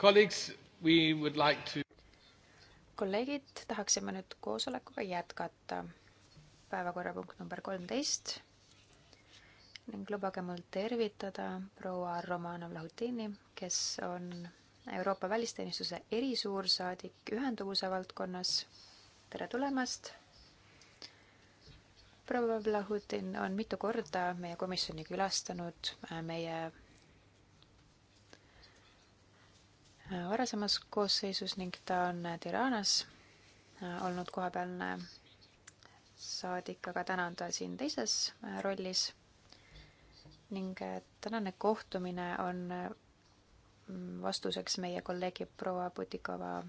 Like to... kolleegid, tahaksime nüüd koosolekuga jätkata. päevakorrapunkt number kolmteist ning lubage mul tervitada proua Romanov Lahutini, kes on Euroopa Välisteenistuse erisuursaadik ühenduvuse valdkonnas. tere tulemast! proua Vlahutin on mitu korda meie komisjoni külastanud, äh, meie varasemas koosseisus ning ta on Tiranas äh, olnud kohapealne saadik, aga täna on ta siin teises äh, rollis. ning äh, tänane kohtumine on mm, vastuseks meie kolleegi proua Putikova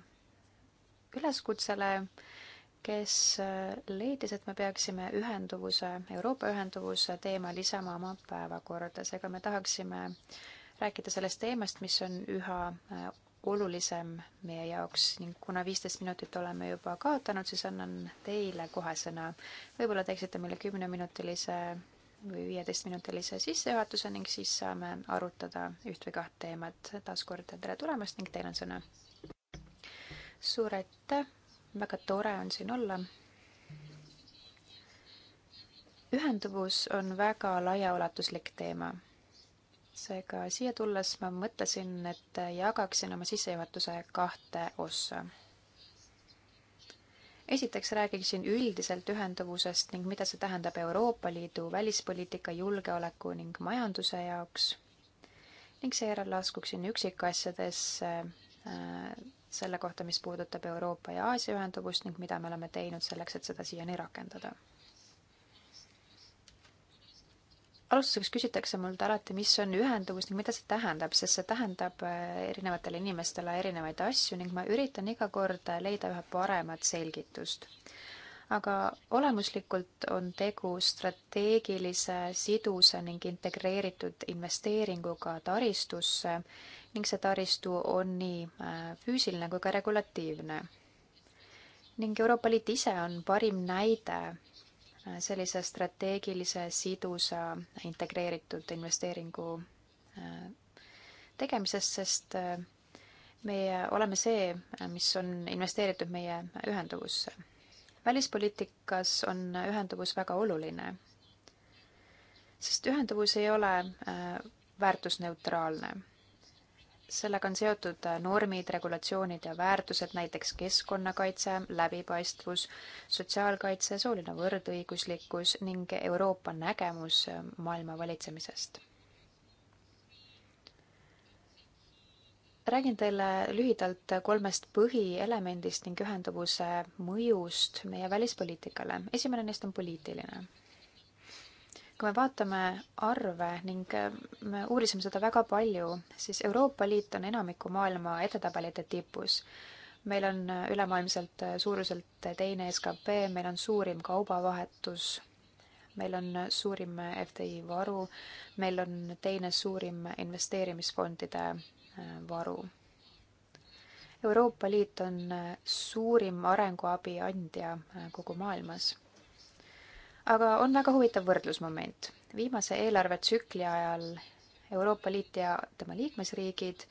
üleskutsele, kes leidis, et me peaksime ühenduvuse, Euroopa ühenduvuse teema lisama oma päevakorda, seega me tahaksime rääkida sellest teemast, mis on üha olulisem meie jaoks ning kuna viisteist minutit oleme juba kaotanud, siis annan teile kohe sõna. võib-olla teeksite meile kümneminutilise või viieteistminutilise sissejuhatuse ning siis saame arutada üht või kaht teemat. taaskord tere tulemast ning teil on sõna. suur aitäh, väga tore on siin olla. ühenduvus on väga laiaulatuslik teema seega siia tulles ma mõtlesin, et jagaksin oma sissejuhatuse kahte ossa. esiteks räägiksin üldiselt ühenduvusest ning mida see tähendab Euroopa Liidu välispoliitika, julgeoleku ning majanduse jaoks ning seejärel laskuksin üksikasjadesse äh, selle kohta, mis puudutab Euroopa ja Aasia ühenduvust ning mida me oleme teinud selleks, et seda siiani rakendada. alustuseks küsitakse mult alati, mis on ühenduvus ning mida see tähendab, sest see tähendab äh, erinevatele inimestele erinevaid asju ning ma üritan iga kord äh, leida ühe paremat selgitust. aga olemuslikult on tegu strateegilise, sidusa ning integreeritud investeeringuga taristusse ning see taristu on nii äh, füüsiline kui ka regulatiivne ning Euroopa Liit ise on parim näide sellise strateegilise, sidusa, integreeritud investeeringu äh, tegemisest, sest äh, meie oleme see, äh, mis on investeeritud meie ühenduvusse. välispoliitikas on ühenduvus väga oluline, sest ühenduvus ei ole väärtusneutraalne sellega on seotud äh, normid, regulatsioonid ja väärtused, näiteks keskkonnakaitse, läbipaistvus, sotsiaalkaitse, sooline võrdõiguslikkus ning Euroopa nägemus äh, maailma valitsemisest. räägin teile lühidalt kolmest põhielemendist ning ühenduvuse mõjust meie välispoliitikale. esimene neist on poliitiline kui me vaatame arve ning äh, me uurisime seda väga palju, siis Euroopa Liit on enamiku maailma edetabelite tipus. meil on äh, ülemaailmselt äh, suuruselt teine skp, meil on suurim kaubavahetus, meil on suurim FDI varu, meil on teine suurim investeerimisfondide varu. Euroopa Liit on suurim arenguabi andja kogu maailmas aga on väga huvitav võrdlusmoment. viimase eelarvetsükli ajal Euroopa Liit ja tema liikmesriigid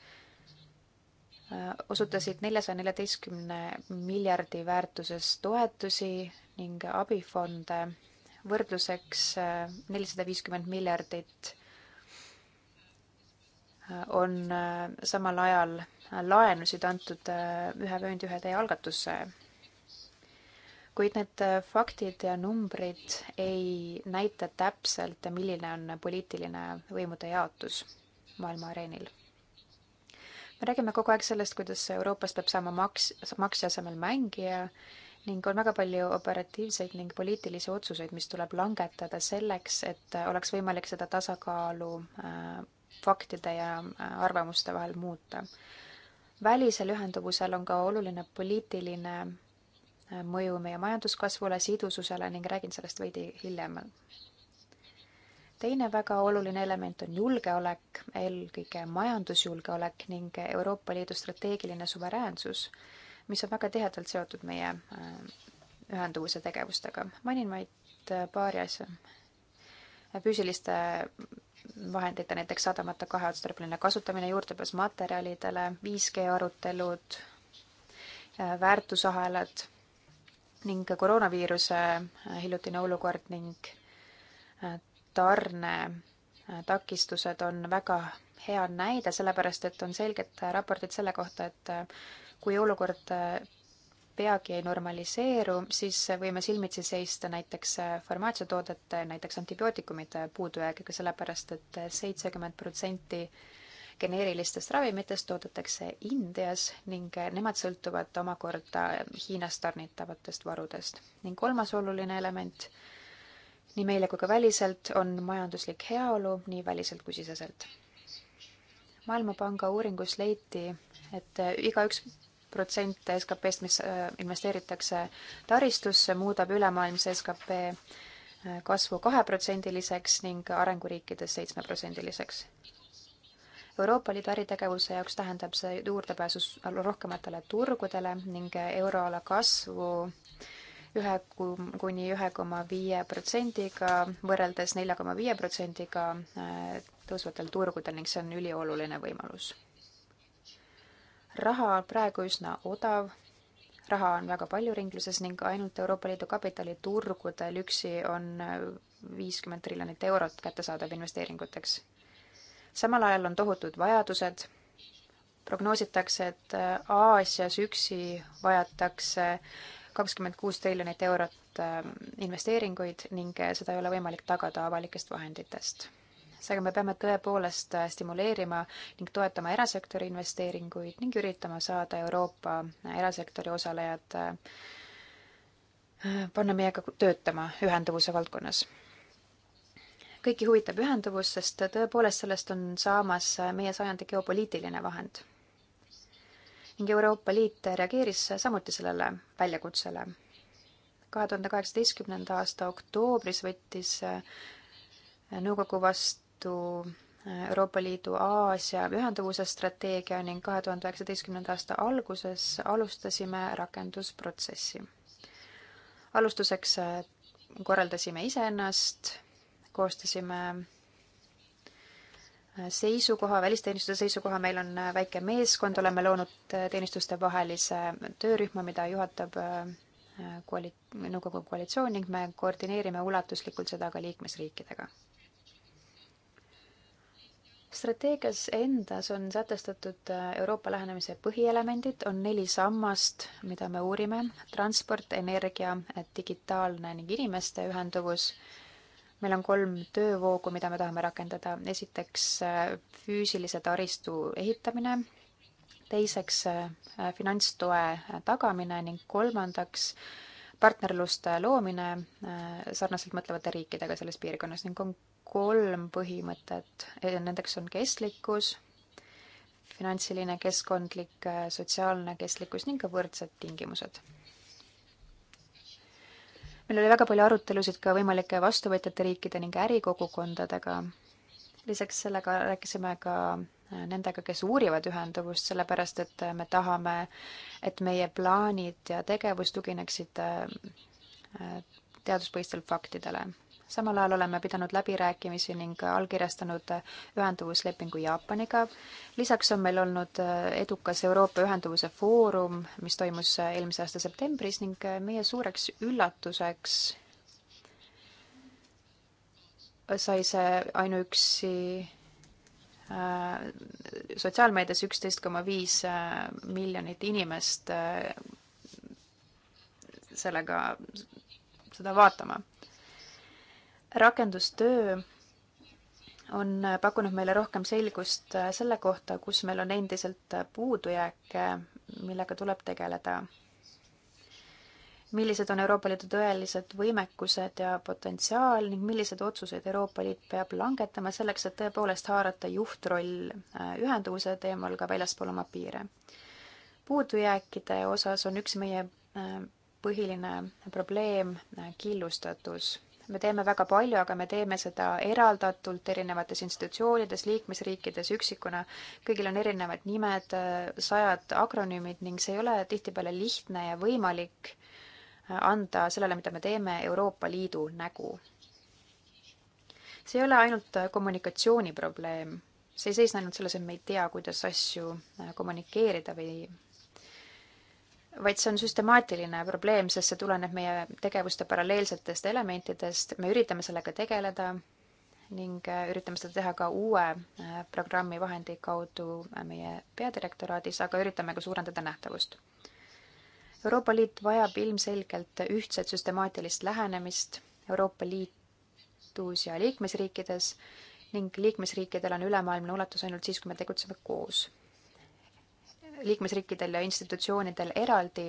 äh, osutasid neljasaja neljateistkümne miljardi väärtuses toetusi ning abifonde võrdluseks äh, nelisada viiskümmend miljardit äh, on samal ajal laenusid antud ühe vööndi ühe tee algatusse kuid need äh, faktid ja numbrid ei näita täpselt, milline on poliitiline võimude jaotus maailma areenil. me räägime kogu aeg sellest, kuidas Euroopast peab saama maks, maksja asemel mängija ning on väga palju operatiivseid ning poliitilisi otsuseid, mis tuleb langetada selleks, et äh, oleks võimalik seda tasakaalu äh, faktide ja arvamuste vahel muuta. välisel ühenduvusel on ka oluline poliitiline mõju meie majanduskasvule, sidususele ning räägin sellest veidi hiljem. teine väga oluline element on julgeolek, eelkõige majandusjulgeolek ning Euroopa Liidu strateegiline suveräänsus, mis on väga tihedalt seotud meie äh, ühenduvuse tegevustega. mainin vaid äh, paari asja. füüsiliste vahendite, näiteks sadamate kaheotstarbeline kasutamine, juurdepääs materjalidele, 5G arutelud, äh, väärtusahelad ning koroonaviiruse äh, hiljutine olukord ning äh, tarne äh, takistused on väga hea näide, sellepärast et on selged raportid selle kohta, et kui olukord peagi ei normaliseeru, siis võime silmitsi seista näiteks farmaatsiatoodete, näiteks antibiootikumide puudujäägiga, sellepärast et seitsekümmend protsenti geneerilistest ravimitest toodetakse Indias ning nemad sõltuvad omakorda Hiinast tarnitavatest varudest. ning kolmas oluline element nii meile kui ka väliselt on majanduslik heaolu nii väliselt kui siseselt. maailmapanga uuringus leiti, et igaüks protsent SKP-st, mis äh, investeeritakse taristusse, muudab ülemaailmse SKP äh, kasvu kaheprotsendiliseks ning arenguriikides seitsmeprotsendiliseks. Euroopa Liidu äritegevuse jaoks tähendab see juurdepääsu rohkematele turgudele ning euroala kasvu ühe kuni ühe koma viie protsendiga võrreldes nelja koma viie protsendiga äh, tõusvatel turgudel ning see on ülioluline võimalus. raha on praegu üsna odav, raha on väga palju ringluses ning ainult Euroopa Liidu kapitaliturgudel üksi on äh, viiskümmend triljonit eurot kättesaadav investeeringuteks samal ajal on tohutud vajadused, prognoositakse, et äh, Aasias üksi vajatakse kakskümmend kuus triljonit eurot äh, investeeringuid ning äh, seda ei ole võimalik tagada avalikest vahenditest. seega me peame tõepoolest stimuleerima ning toetama erasektori investeeringuid ning üritama saada Euroopa erasektori osalejad panna meiega töötama ühenduvuse valdkonnas kõiki huvitab ühenduvus, sest tõepoolest sellest on saamas meie sajandi geopoliitiline vahend. ning Euroopa Liit reageeris samuti sellele väljakutsele. kahe tuhande kaheksateistkümnenda aasta oktoobris võttis äh, nõukogu vastu äh, Euroopa Liidu Aasia ühenduvuse strateegia ning kahe tuhande üheksateistkümnenda aasta alguses alustasime rakendusprotsessi. alustuseks äh, korraldasime iseennast koostasime äh, seisukoha, välisteenistuse seisukoha, meil on äh, väike meeskond, oleme loonud äh, teenistustevahelise töörühma, mida juhatab koali-, nõukogu koalitsioon ning me koordineerime ulatuslikult seda ka liikmesriikidega. strateegias endas on sätestatud Euroopa lähenemise põhielemendid, on neli sammast, mida me uurime, transport, energia, digitaalne ning inimeste ühenduvus meil on kolm töövoogu, mida me tahame rakendada. esiteks äh, füüsilise taristu ehitamine, teiseks äh, finantstoe tagamine ning kolmandaks partnerluste loomine äh, sarnaselt mõtlevate riikidega selles piirkonnas ning on kolm põhimõtet. Nendeks on kestlikkus, finantsiline, keskkondlik, sotsiaalne kestlikkus ning ka võrdsed tingimused meil oli väga palju arutelusid ka võimalike vastuvõtjate riikide ning ärikogukondadega. lisaks sellega rääkisime ka äh, nendega, kes uurivad ühenduvust, sellepärast et äh, me tahame, et meie plaanid ja tegevus tugineksid äh, teaduspõhistel faktidele samal ajal oleme pidanud läbirääkimisi ning allkirjastanud ühenduvuslepingu Jaapaniga. lisaks on meil olnud äh, edukas Euroopa Ühenduvuse Foorum, mis toimus äh, eelmise aasta septembris ning äh, meie suureks üllatuseks sai see ainuüksi sotsiaalmeedias üksteist koma viis miljonit inimest sellega seda vaatama rakendustöö on pakkunud meile rohkem selgust selle kohta, kus meil on endiselt puudujääke, millega tuleb tegeleda. millised on Euroopa Liidu tõelised võimekused ja potentsiaal ning milliseid otsuseid Euroopa Liit peab langetama selleks, et tõepoolest haarata juhtroll ühenduvuse teemal ka väljaspool oma piire. puudujääkide osas on üks meie äh, põhiline probleem killustatus me teeme väga palju, aga me teeme seda eraldatult erinevates institutsioonides, liikmesriikides üksikuna. kõigil on erinevad nimed, eh, sajad akronüümid ning see ei ole tihtipeale lihtne ja võimalik eh, anda sellele, mida me teeme, Euroopa Liidu nägu. see ei ole ainult eh, kommunikatsiooni probleem, see ei seisne ainult selles, et me ei tea, kuidas asju kommunikeerida või vaid see on süstemaatiline probleem, sest see tuleneb meie tegevuste paralleelsetest elementidest, me üritame sellega tegeleda ning äh, üritame seda teha ka uue äh, programmi vahendi kaudu äh, meie peadirektoraadis, aga üritame ka suurendada nähtavust. Euroopa Liit vajab ilmselgelt ühtset süstemaatilist lähenemist Euroopa Liidus ja liikmesriikides ning liikmesriikidel on ülemaailmne ulatus ainult siis, kui me tegutseme koos liikmesriikidel ja institutsioonidel eraldi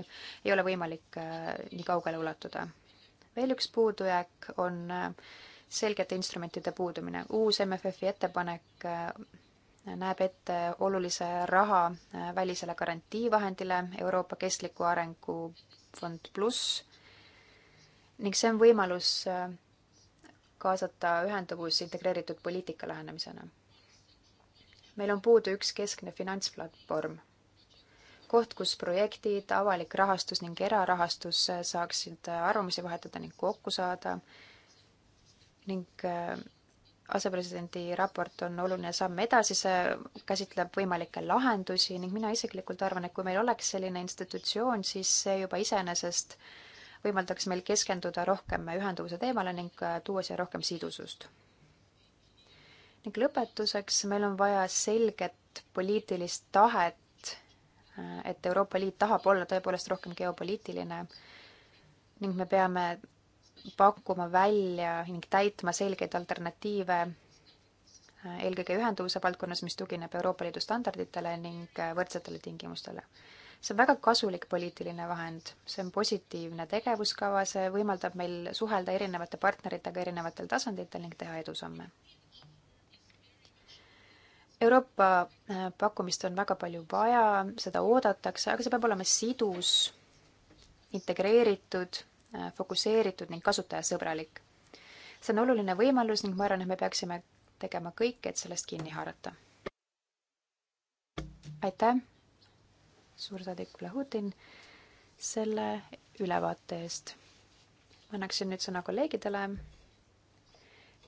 ei ole võimalik äh, nii kaugele ulatuda. veel üks puudujääk on äh, selgete instrumentide puudumine. uus MFF-i ettepanek äh, näeb ette olulise raha välisele garantiivahendile Euroopa Kestliku Arengu Fond pluss ning see on võimalus kaasata ühenduvus integreeritud poliitika lähenemisena. meil on puudu üks keskne finantsplatvorm koht, kus projektid, avalik rahastus ning erarahastus saaksid arvamusi vahetada ning kokku saada ning äh, asepresidendi raport on oluline samm edasi, see käsitleb võimalikke lahendusi ning mina isiklikult arvan, et kui meil oleks selline institutsioon, siis see juba iseenesest võimaldaks meil keskenduda rohkem ühenduvuse teemale ning äh, tuua siia rohkem sidusust. ning lõpetuseks, meil on vaja selget poliitilist tahet et Euroopa Liit tahab olla tõepoolest rohkem geopoliitiline ning me peame pakkuma välja ning täitma selgeid alternatiive äh, eelkõige ühenduvuse valdkonnas, mis tugineb Euroopa Liidu standarditele ning äh, võrdsetele tingimustele. see on väga kasulik poliitiline vahend, see on positiivne tegevuskava, see võimaldab meil suhelda erinevate partneritega erinevatel tasanditel ning teha edusamme. Euroopa äh, pakkumist on väga palju vaja, seda oodatakse, aga see peab olema sidus, integreeritud, äh, fokusseeritud ning kasutajasõbralik. see on oluline võimalus ning ma arvan, et me peaksime tegema kõik, et sellest kinni haarata. aitäh, suursaadik Vlahutin, selle ülevaate eest. ma annaksin nüüd sõna kolleegidele,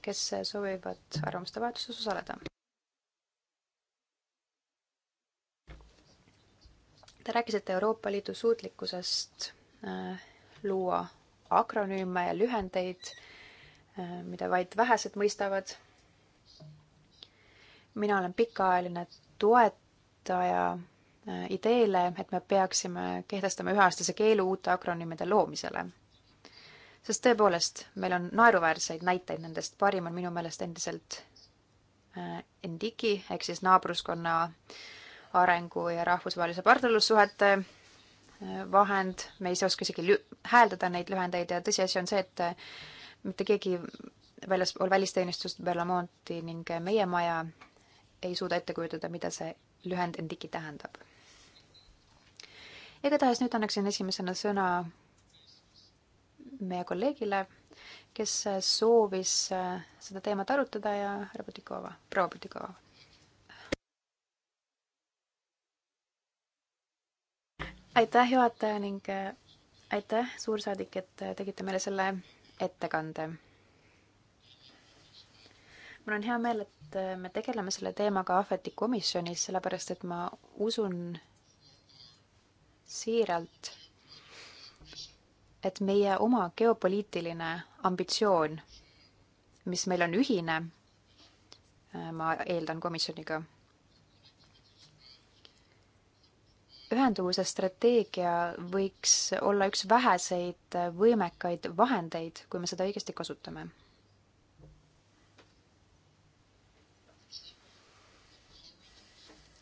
kes soovivad arvamuste vahetuses osaleda. Te rääkisite Euroopa Liidu suutlikkusest äh, luua akronüüme ja lühendeid, äh, mida vaid vähesed mõistavad. mina olen pikaajaline toetaja äh, ideele, et me peaksime kehtestama üheaastase keelu uute akronüümide loomisele. sest tõepoolest, meil on naeruväärseid näiteid nendest, parim on minu meelest endiselt NDICI ehk siis naabruskonna äh, arengu ja rahvusvahelise partnerlussuhete äh, vahend, me ei oska isegi hääldada neid lühendeid ja tõsiasi on see, et äh, mitte keegi väljaspool välisteenistust Berlamonti ning meie maja ei suuda ette kujutada, mida see lühend Endiki tähendab. igatahes nüüd annaksin esimesena sõna meie kolleegile, kes soovis äh, seda teemat arutada ja härra Putikova, proua Putikova aitäh, juhataja ning äh, aitäh, suursaadik, et äh, tegite meile selle ettekande. mul on hea meel, et äh, me tegeleme selle teemaga Ahveti komisjonis, sellepärast et ma usun siiralt, et meie oma geopoliitiline ambitsioon, mis meil on ühine, ma eeldan komisjoniga ühenduvuse strateegia võiks olla üks väheseid võimekaid vahendeid, kui me seda õigesti kasutame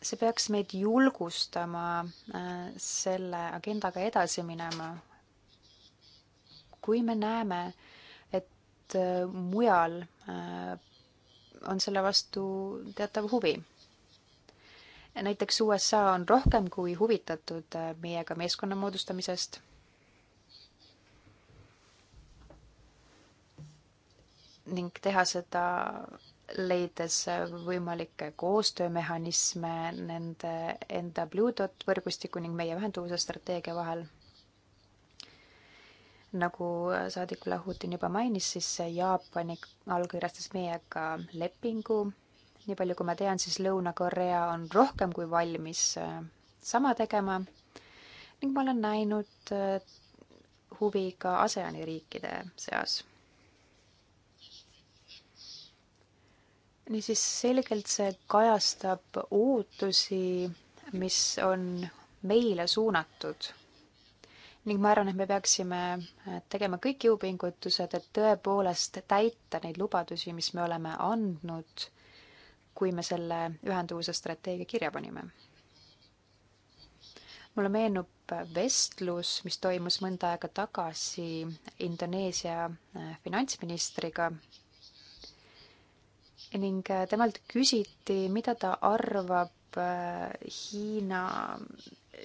see peaks meid julgustama äh, selle agendaga edasi minema. kui me näeme, et äh, mujal äh, on selle vastu teatav huvi näiteks USA on rohkem kui huvitatud äh, meiega meeskonna moodustamisest. ning teha seda leides äh, võimalikke koostöömehhanisme nende enda Bluetooth võrgustiku ning meie ühenduvuse strateegia vahel. nagu äh, saadik Lahutin juba mainis, siis Jaapani allkirjastas meiega lepingu nii palju kui ma tean, siis Lõuna-Korea on rohkem kui valmis äh, sama tegema ning ma olen näinud äh, huvi ka ASEAN-i riikide seas niisiis selgelt see kajastab ootusi, mis on meile suunatud. ning ma arvan, et me peaksime äh, tegema kõik jõupingutused, et tõepoolest täita neid lubadusi, mis me oleme andnud kui me selle ühenduvuse strateegia kirja panime. mulle meenub vestlus, mis toimus mõnda aega tagasi Indoneesia äh, finantsministriga ning äh, temalt küsiti, mida ta arvab äh, Hiina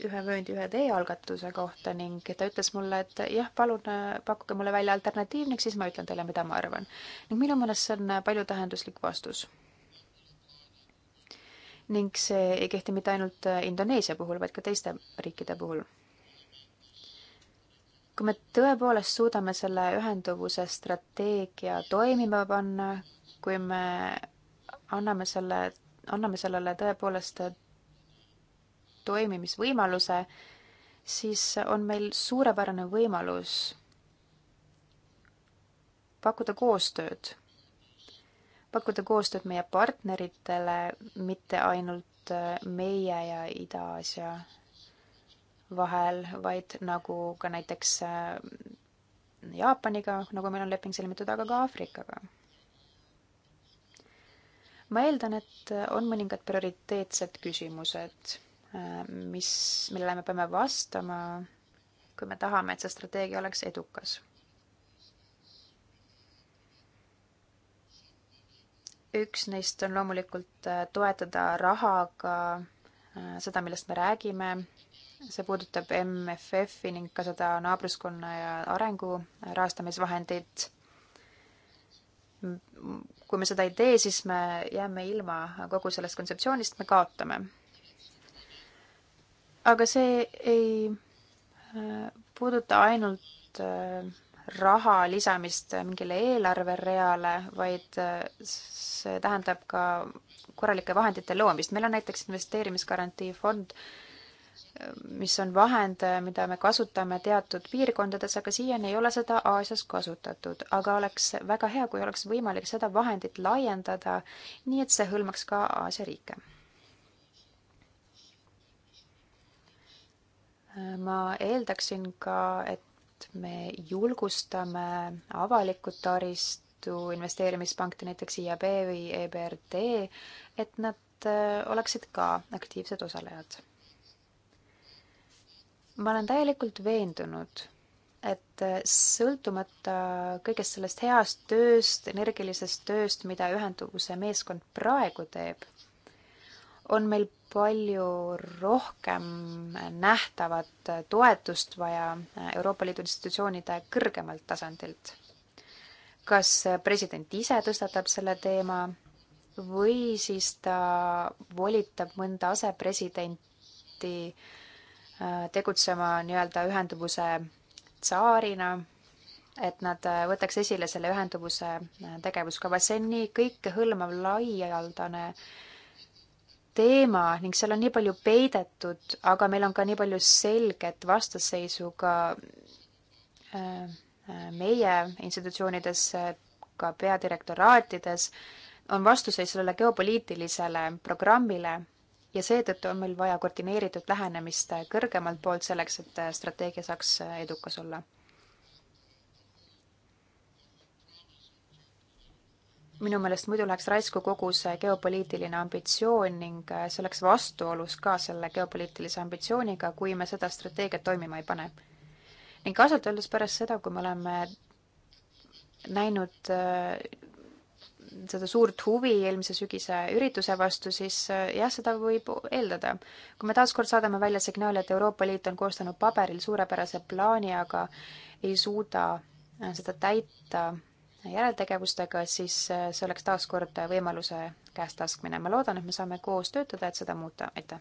ühe vööndi ühe tee algatuse kohta ning ta ütles mulle, et jah, palun pakkuge mulle välja alternatiiv ning siis ma ütlen teile, mida ma arvan. ning minu meelest see on paljutähenduslik vastus ning see ei kehti mitte ainult äh, Indoneesia puhul, vaid ka teiste riikide puhul. kui me tõepoolest suudame selle ühenduvuse strateegia toimima panna, kui me anname selle, anname sellele tõepoolest äh, toimimisvõimaluse, siis on meil suurepärane võimalus pakkuda koostööd pakkuda koostööd meie partneritele, mitte ainult äh, meie ja Ida-Aasia vahel, vaid nagu ka näiteks äh, Jaapaniga, nagu meil on leping sõlmitud, aga ka Aafrikaga. ma eeldan, et on mõningad prioriteetsed küsimused, äh, mis, millele me peame vastama, kui me tahame, et see strateegia oleks edukas üks neist on loomulikult äh, toetada rahaga äh, seda, millest me räägime, see puudutab MFF-i ning ka seda naabruskonna ja arengu äh, rahastamisvahendit. kui me seda ei tee, siis me jääme ilma kogu sellest kontseptsioonist, me kaotame. aga see ei puuduta ainult raha lisamist mingile eelarvereale, vaid äh, see tähendab ka korralike vahendite loomist. meil on näiteks investeerimisgarantiifond, mis on vahend, mida me kasutame teatud piirkondades, aga siiani ei ole seda Aasias kasutatud. aga oleks väga hea, kui oleks võimalik seda vahendit laiendada, nii et see hõlmaks ka Aasia riike. Äh, ma eeldaksin ka, et et me julgustame avalikku taristu investeerimispanka, näiteks IAB või EBRD, et nad äh, oleksid ka aktiivsed osalejad. ma olen täielikult veendunud, et äh, sõltumata kõigest sellest heast tööst, energilisest tööst, mida ühenduvuse meeskond praegu teeb on meil palju rohkem nähtavat toetust vaja Euroopa Liidu institutsioonide kõrgemalt tasandilt. kas president ise tõstatab selle teema või siis ta volitab mõnda asepresidenti äh, tegutsema nii-öelda ühenduvuse tsaarina, et nad äh, võtaks esile selle ühenduvuse äh, tegevuskava, see on nii kõikehõlmav laialdane äh, teema ning seal on nii palju peidetud, aga meil on ka nii palju selget vastasseisu ka äh, äh, meie institutsioonides, ka peadirektoraatides, on vastuseis sellele geopoliitilisele programmile ja seetõttu on meil vaja koordineeritud lähenemist kõrgemalt poolt selleks, et äh, strateegia saaks edukas olla minu meelest muidu läheks raisku kogu see geopoliitiline ambitsioon ning äh, see oleks vastuolus ka selle geopoliitilise ambitsiooniga, kui me seda strateegiat toimima ei pane. ning ausalt öeldes pärast seda, kui me oleme näinud äh, seda suurt huvi eelmise sügise ürituse vastu, siis äh, jah, seda võib eeldada. kui me taaskord saadame välja signaali, et Euroopa Liit on koostanud paberil suurepärase plaani, aga ei suuda seda täita järeltegevustega, siis äh, see oleks taaskord äh, võimaluse käest laskmine. ma loodan, et me saame koos töötada, et seda muuta, aitäh!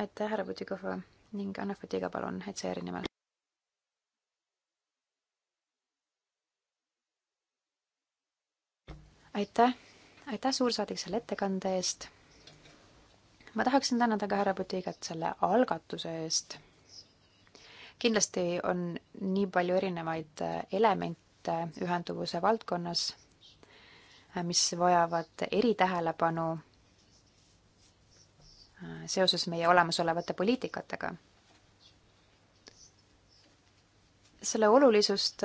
aitäh, härra Putikov ning Anna Fatiga, palun, ECR-i nimel. aitäh, aitäh, suursaadik, selle ettekande eest. ma tahaksin tänada ka härra Putigat selle algatuse eest kindlasti on nii palju erinevaid äh, elemente äh, ühenduvuse valdkonnas, äh, mis vajavad eritähelepanu seoses meie olemasolevate poliitikatega. selle olulisust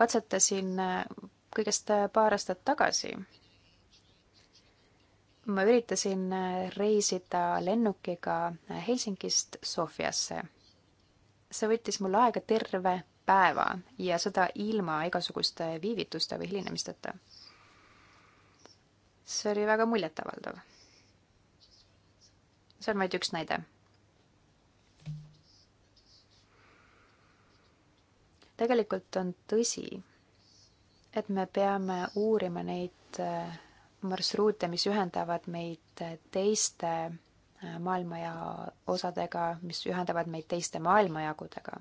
katsetasin kõigest paar aastat tagasi ma üritasin reisida lennukiga Helsingist Sofiasse see võttis mul aega terve päeva ja seda ilma igasuguste viivituste või hilinemisteta. see oli väga muljetavaldav. see on vaid üks näide. tegelikult on tõsi, et me peame uurima neid äh, marsruute, mis ühendavad meid teiste maailmaja osadega, mis ühendavad meid teiste maailmajagudega.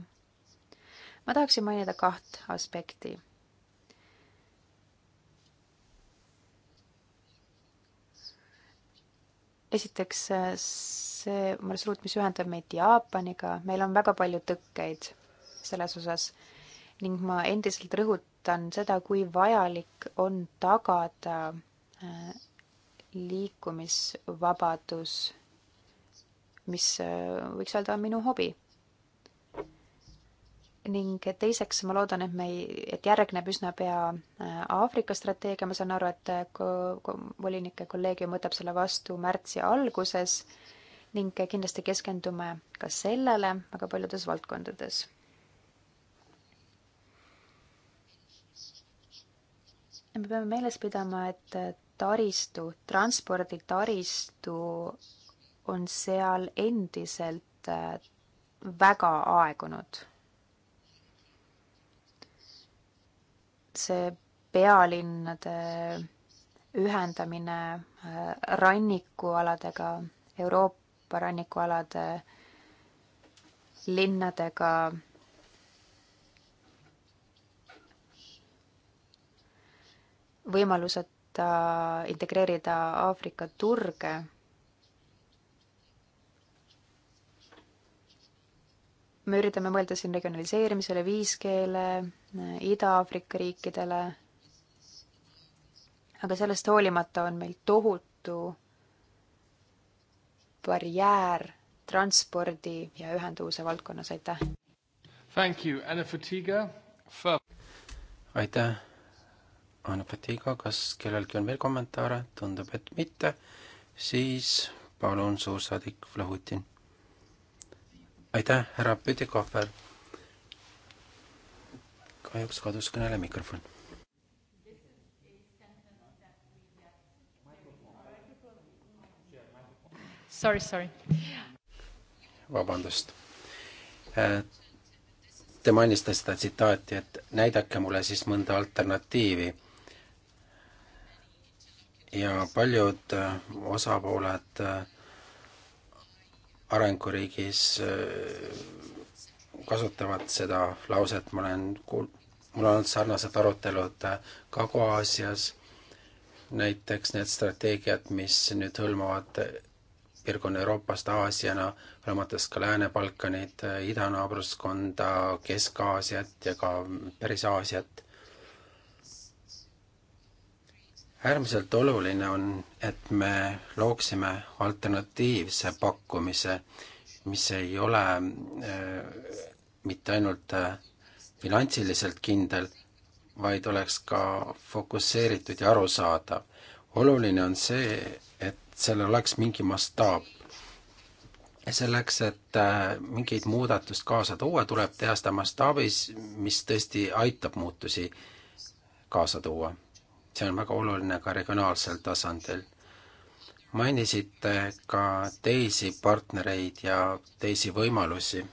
ma tahaksin mainida kaht aspekti. esiteks see marsruut, mis ühendab meid Jaapaniga, meil on väga palju tõkkeid selles osas ning ma endiselt rõhutan seda, kui vajalik on tagada äh, liikumisvabadus mis äh, võiks öelda, on minu hobi. ning teiseks ma loodan, et me ei, et järgneb üsna pea äh, Aafrika strateegia, ma saan aru, et äh, volinike kolleegium võtab selle vastu märtsi alguses ning kindlasti keskendume ka sellele väga paljudes valdkondades. me peame meeles pidama, et taristu, transporditaristu on seal endiselt äh, väga aegunud. see pealinnade ühendamine äh, rannikualadega, Euroopa rannikualade linnadega võimaluseta integreerida Aafrika turge me üritame mõelda siin regionaliseerimisele, 5G-le, Ida-Aafrika riikidele, aga sellest hoolimata on meil tohutu barjäär transpordi ja ühenduvuse valdkonnas, aitäh! Thank you, Anna Fatiga for.... aitäh, Anna Fatiga, kas kellelgi on veel kommentaare, tundub, et mitte, siis palun, suursaadik Vlahutin aitäh, härra Pütikohver. kahjuks kadus kõnele mikrofon. Sorry, sorry. vabandust. Äh, te mainisite seda tsitaati, et näidake mulle siis mõnda alternatiivi ja paljud äh, osapooled äh, arenguriigis äh, kasutavad seda lauset, ma olen kuul-, mul on olnud sarnased arutelud äh, Kagu-Aasias, näiteks need strateegiad, mis nüüd hõlmavad äh, piirkonna Euroopast Aasiana, hõlmates ka Lääne-Balkanit, idanaabruskonda, Kesk-Aasiat ja ka päris Aasiat äärmiselt oluline on, et me looksime alternatiivse pakkumise, mis ei ole äh, mitte ainult bilansiliselt äh, kindel, vaid oleks ka fokusseeritud ja arusaadav. oluline on see, et sellel oleks mingi mastaap. selleks, et äh, mingit muudatust kaasa tuua, tuleb teha seda mastaabis, mis tõesti aitab muutusi kaasa tuua see on väga oluline ka regionaalsel tasandil. mainisite ka teisi partnereid ja teisi võimalusi.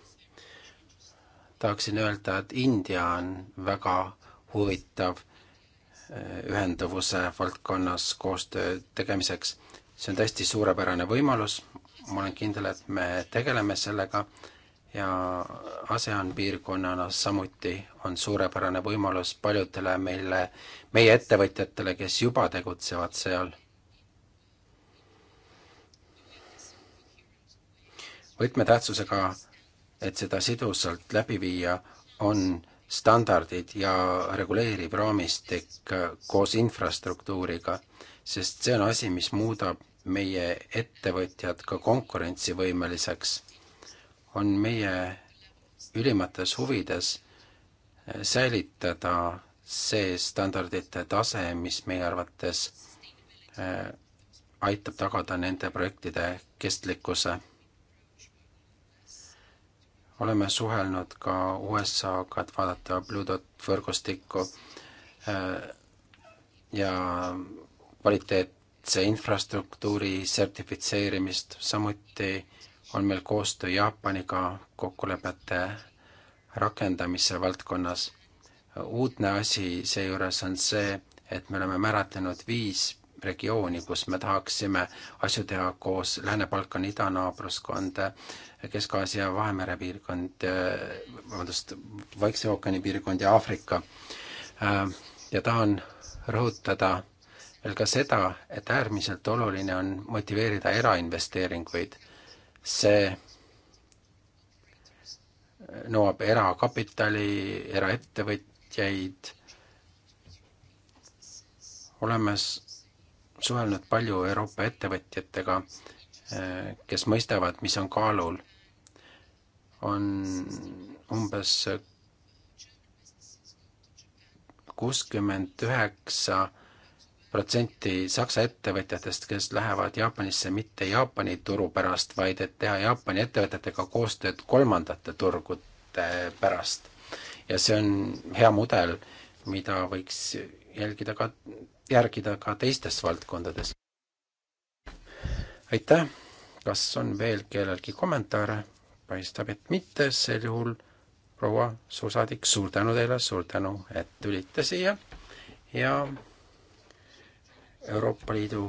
tahaksin öelda, et India on väga huvitav eh, ühenduvuse valdkonnas koostöö tegemiseks. see on tõesti suurepärane võimalus, ma olen kindel, et me tegeleme sellega ja ASEAN piirkonnana samuti on suurepärane võimalus paljudele meile, meie ettevõtjatele, kes juba tegutsevad seal. võtmetähtsusega, et seda sidusalt läbi viia, on standardid ja reguleeriv raamistik koos infrastruktuuriga, sest see on asi, mis muudab meie ettevõtjad ka konkurentsivõimeliseks on meie ülimates huvides eh, säilitada see standardite tase, mis meie arvates eh, aitab tagada nende projektide kestlikkuse oleme suhelnud ka USA-ga, et vaadata Blue Dot võrgustikku eh, ja kvaliteetse infrastruktuuri sertifitseerimist, samuti on meil koostöö Jaapaniga kokkulepete rakendamise valdkonnas. uudne asi seejuures on see, et me oleme määratlenud viis regiooni, kus me tahaksime asju teha koos Lääne-Balkani idanaabruskonda Kesk, Kesk-Aasia ja Vahemere piirkond, vabandust, Vaikse ookeani piirkond ja Aafrika. ja tahan rõhutada veel ka seda, et äärmiselt oluline on motiveerida erainvesteeringuid see nõuab erakapitali, eraettevõtjaid. oleme suhelnud palju Euroopa ettevõtjatega, eh, kes mõistavad, mis on kaalul. on umbes kuuskümmend üheksa protsenti Saksa ettevõtjatest, kes lähevad Jaapanisse mitte Jaapani turu pärast, vaid et teha Jaapani ettevõtetega koostööd kolmandate turgude pärast. ja see on hea mudel, mida võiks jälgida ka, järgida ka teistes valdkondades. aitäh, kas on veel kellelgi kommentaare? paistab, et mitte, sel juhul proua suursaadik, suur tänu teile, suur tänu, et tulite siia ja Euroopa Liidu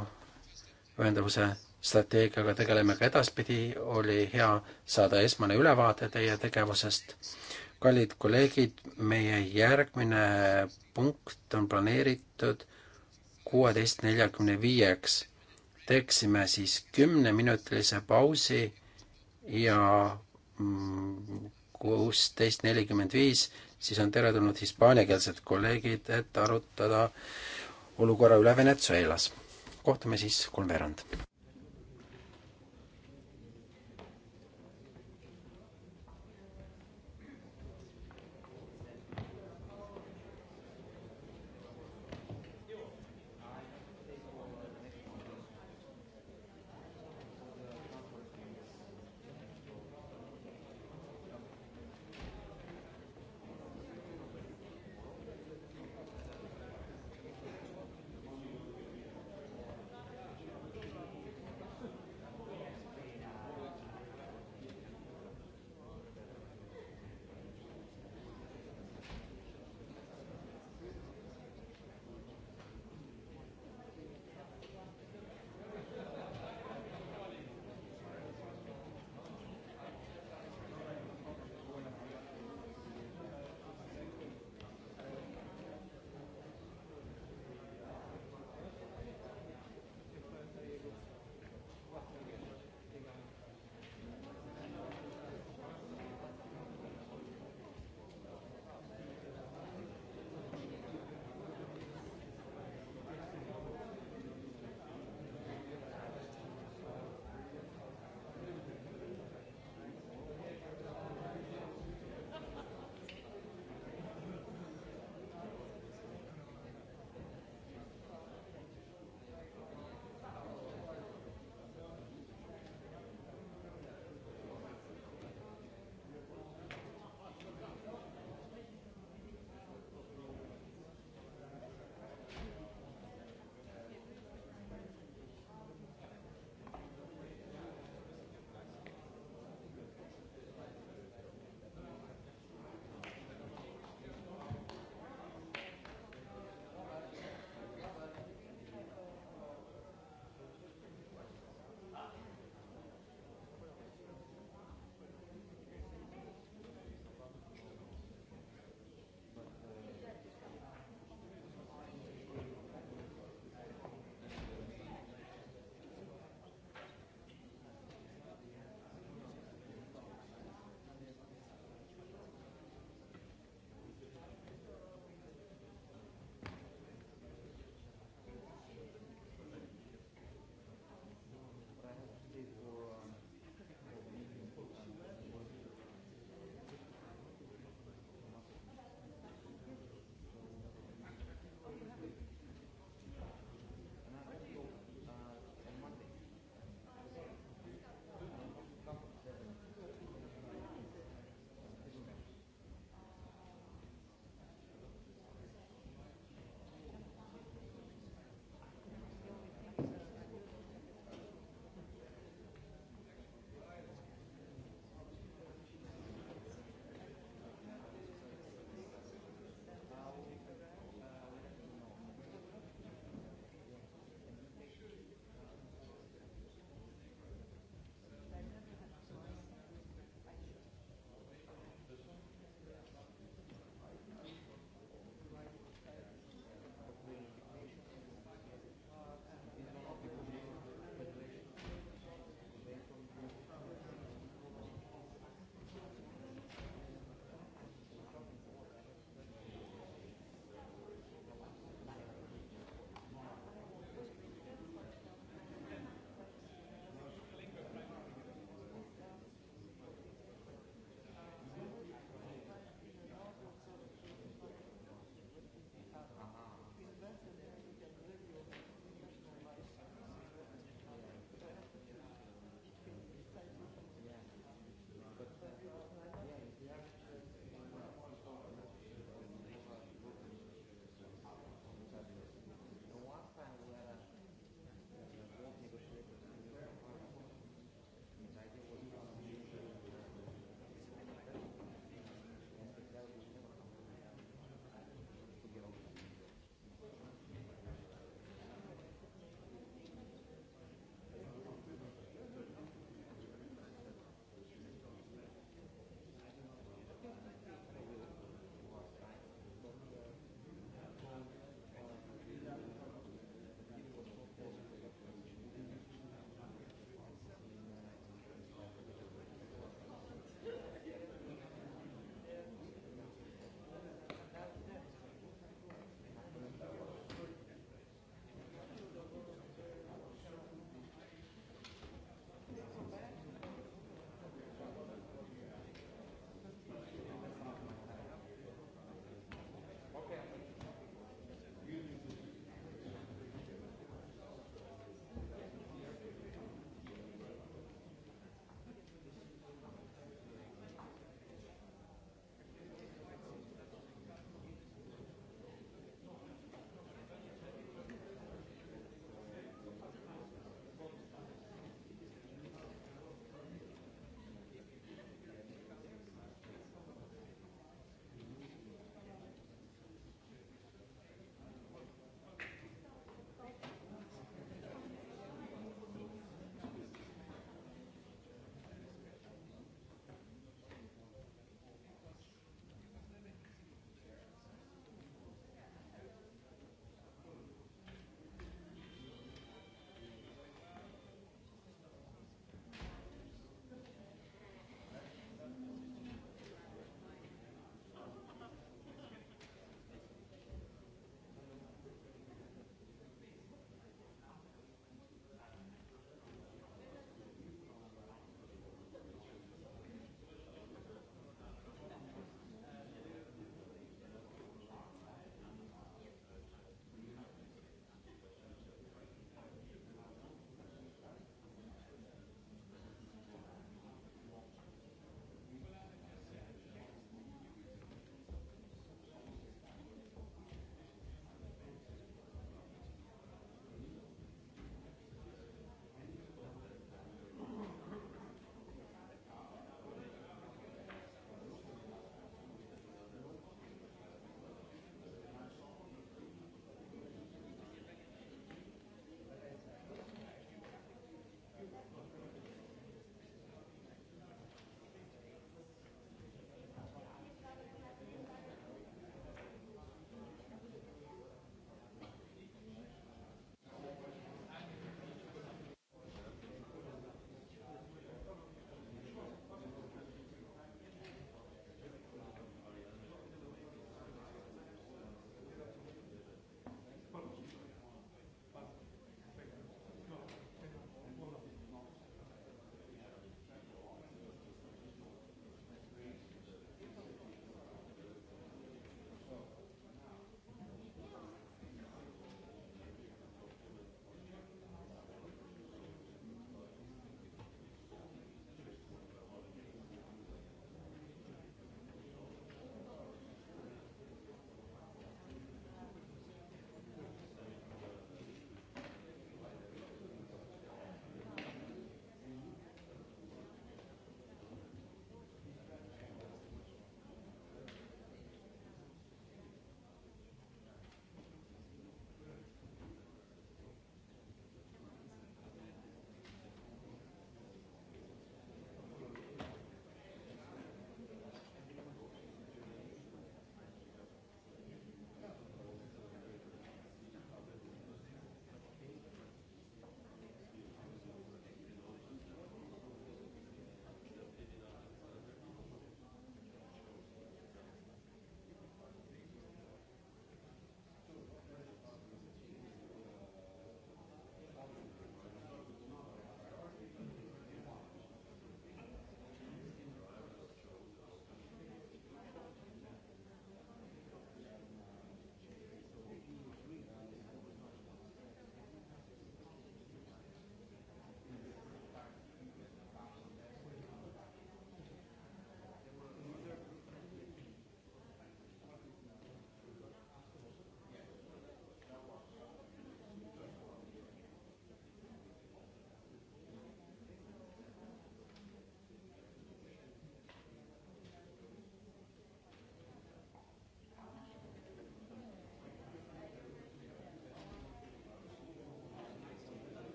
ühendavuse strateegiaga tegeleme ka edaspidi, oli hea saada esmane ülevaade teie tegevusest. kallid kolleegid, meie järgmine punkt on planeeritud kuueteist neljakümne viieks. teeksime siis kümneminutilise pausi ja mm, kuusteist nelikümmend viis, siis on teretulnud hispaaniakeelsed kolleegid, et arutada äh, olukorra üle Venezuelas. kohtume siis kolmveerand.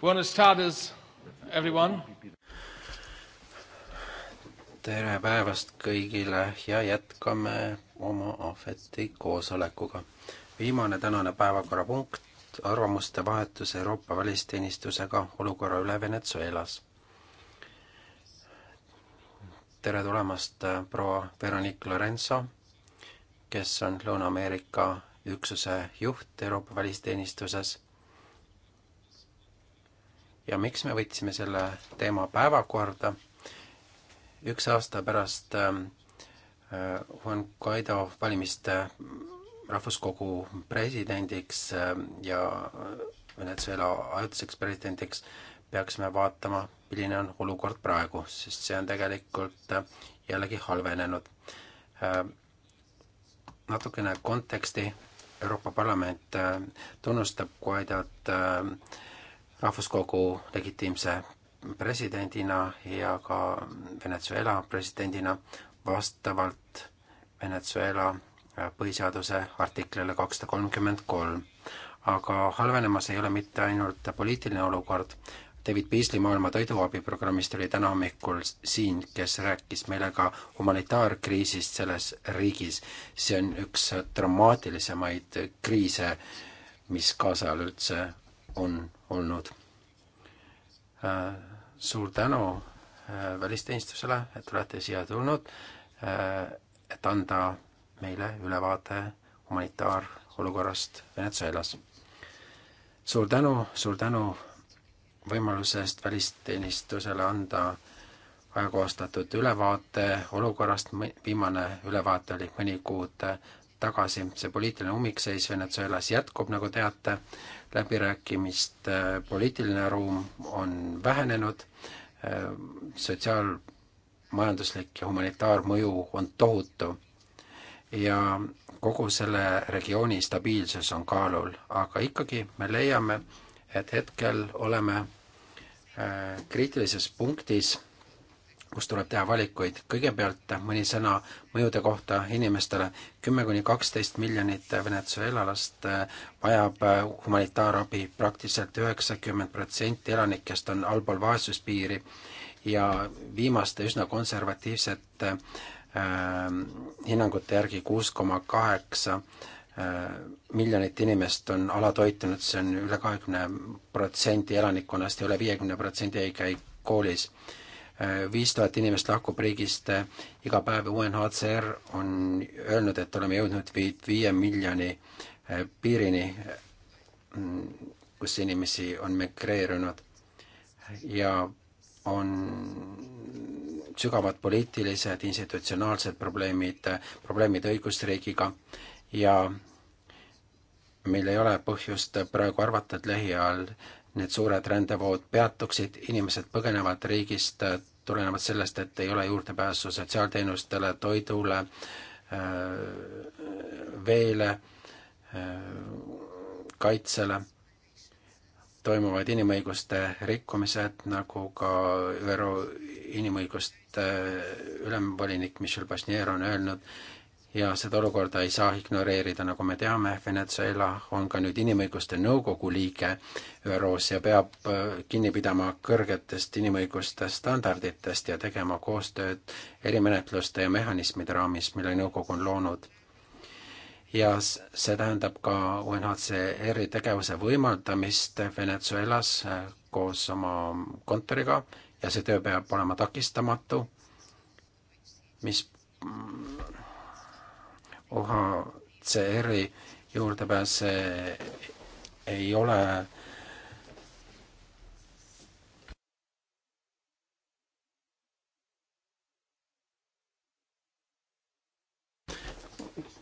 Buenas tardes, everyone. tere päevast kõigile ja jätkame oma ahveti koosolekuga. viimane tänane päevakorrapunkt, arvamuste vahetus Euroopa välisteenistusega olukorra üle Venezuelas tere tulemast, äh, proua Veronique Lorenzo, kes on Lõuna-Ameerika üksuse juht Euroopa välisteenistuses. ja miks me võtsime selle teema päevakorda? üks aasta pärast ähm, äh, Juan Guaido valimist rahvuskogu presidendiks ähm, ja Venezuela ajutiseks presidendiks peaksime vaatama, milline on olukord praegu, sest see on tegelikult äh, jällegi halvenenud. Äh, natukene konteksti, Euroopa Parlament äh, tunnustab Guaidat rahvuskogu legitiimse presidendina ja ka Venezuela presidendina vastavalt Venezuela põhiseaduse artiklile kakssada kolmkümmend kolm. aga halvenemas ei ole mitte ainult poliitiline olukord, David Beasley Maailma Toiduabiprogrammist oli täna hommikul siin, kes rääkis meile ka humanitaarkriisist selles riigis. see on üks dramaatilisemaid kriise, mis kaasajal üldse on olnud. Äh, suur tänu äh, välisteenistusele, et olete siia tulnud, äh, et anda meile ülevaate humanitaarolukorrast Venezuelas. suur tänu, suur tänu võimalusest välisteenistusele anda ajakohastatud ülevaate olukorrast, viimane ülevaate oli mõni kuu tagasi, see poliitiline ummikseis Venezuelas jätkub, nagu teate, läbirääkimiste poliitiline ruum on vähenenud, sotsiaal, majanduslik ja humanitaarmõju on tohutu. ja kogu selle regiooni stabiilsus on kaalul, aga ikkagi me leiame, et hetkel oleme äh, kriitilises punktis, kus tuleb teha valikuid. kõigepealt mõni sõna mõjude kohta inimestele. kümme kuni kaksteist miljonit venezuelalast äh, vajab äh, humanitaarabi, praktiliselt üheksakümmend protsenti elanikest on allpool vaesuspiiri ja viimaste üsna konservatiivsete äh, hinnangute järgi kuus koma kaheksa äh, Äh, miljonit inimest on alatoitunud, see on üle kahekümne protsendi elanikkonnast ja üle viiekümne protsendi ei käi koolis. Äh, viis tuhat inimest lahkub riigist äh, iga päev, UNHCR on öelnud, et oleme jõudnud viit, viie miljoni piirini, kus inimesi on migreerunud ja on sügavad poliitilised, institutsionaalsed probleemid, probleemid õigusriigiga ja meil ei ole põhjust praegu arvata, et lähiajal need suured rändevood peatuksid, inimesed põgenevad riigist äh, tulenevalt sellest, et ei ole juurdepääsu sotsiaalteenustele, toidule, äh, veele, äh, kaitsele, toimuvad inimõiguste rikkumised, nagu ka ÜRO inimõiguste ülemvolinik Michel Barnier on öelnud, ja seda olukorda ei saa ignoreerida, nagu me teame, Venezuela on ka nüüd Inimõiguste Nõukogu liige ÜRO-s ja peab äh, kinni pidama kõrgetest inimõiguste standarditest ja tegema koostööd erimenetluste ja mehhanismide raamis, mille nõukogu on loonud. ja see tähendab ka UNHCR-i tegevuse võimaldamist Venezuelas äh, koos oma kontoriga ja see töö peab olema takistamatu, mis OHCR-i juurdepääs ei ole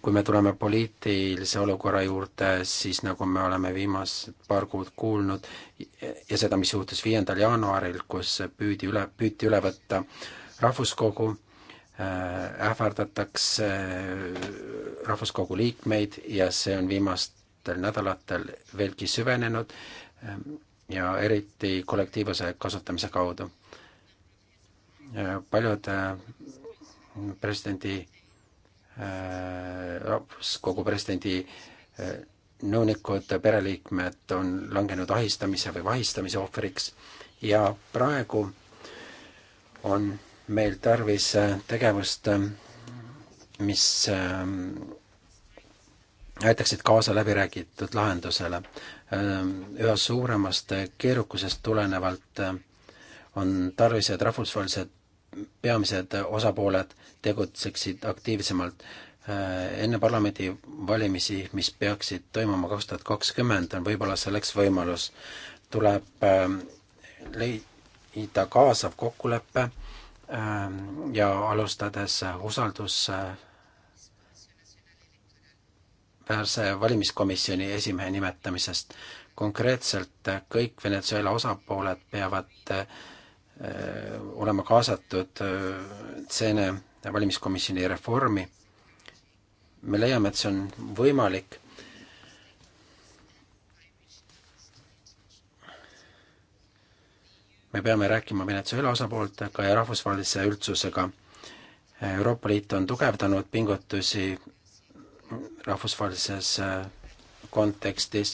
kui me tuleme poliitilise olukorra juurde, siis nagu me oleme viimased paar kuud kuulnud ja seda, mis juhtus viiendal jaanuaril, kus püüdi üle, püüti üle võtta rahvuskogu, Äh, ähvardatakse äh, Rahvuskogu liikmeid ja see on viimastel nädalatel veelgi süvenenud ähm, ja eriti kollektiivse kasutamise kaudu. Äh, paljud presidendi, rahvuskogu presidendi nõunikud, pereliikmed on langenud ahistamise või vahistamise ohvriks ja praegu on meil tarvis äh, tegevust, äh, mis äh, aitaksid kaasa läbiräägitud lahendusele. üha suuremast keerukusest tulenevalt on tarvis, et rahvusvahelised peamised osapooled tegutseksid aktiivsemalt. enne parlamendivalimisi, mis peaksid toimuma kaks tuhat kakskümmend, on võib-olla selleks võimalus. tuleb leida kaasav kokkulepe Ähm, ja alustades äh, usaldusväärse äh, valimiskomisjoni esimehe nimetamisest. konkreetselt äh, kõik Venezuela osapooled peavad olema kaasatud CNE valimiskomisjoni reformi. me leiame, et see on võimalik me peame rääkima Venezuela osapooltega ja rahvusvahelise üldsusega. Euroopa Liit on tugevdanud pingutusi rahvusvahelises äh, kontekstis.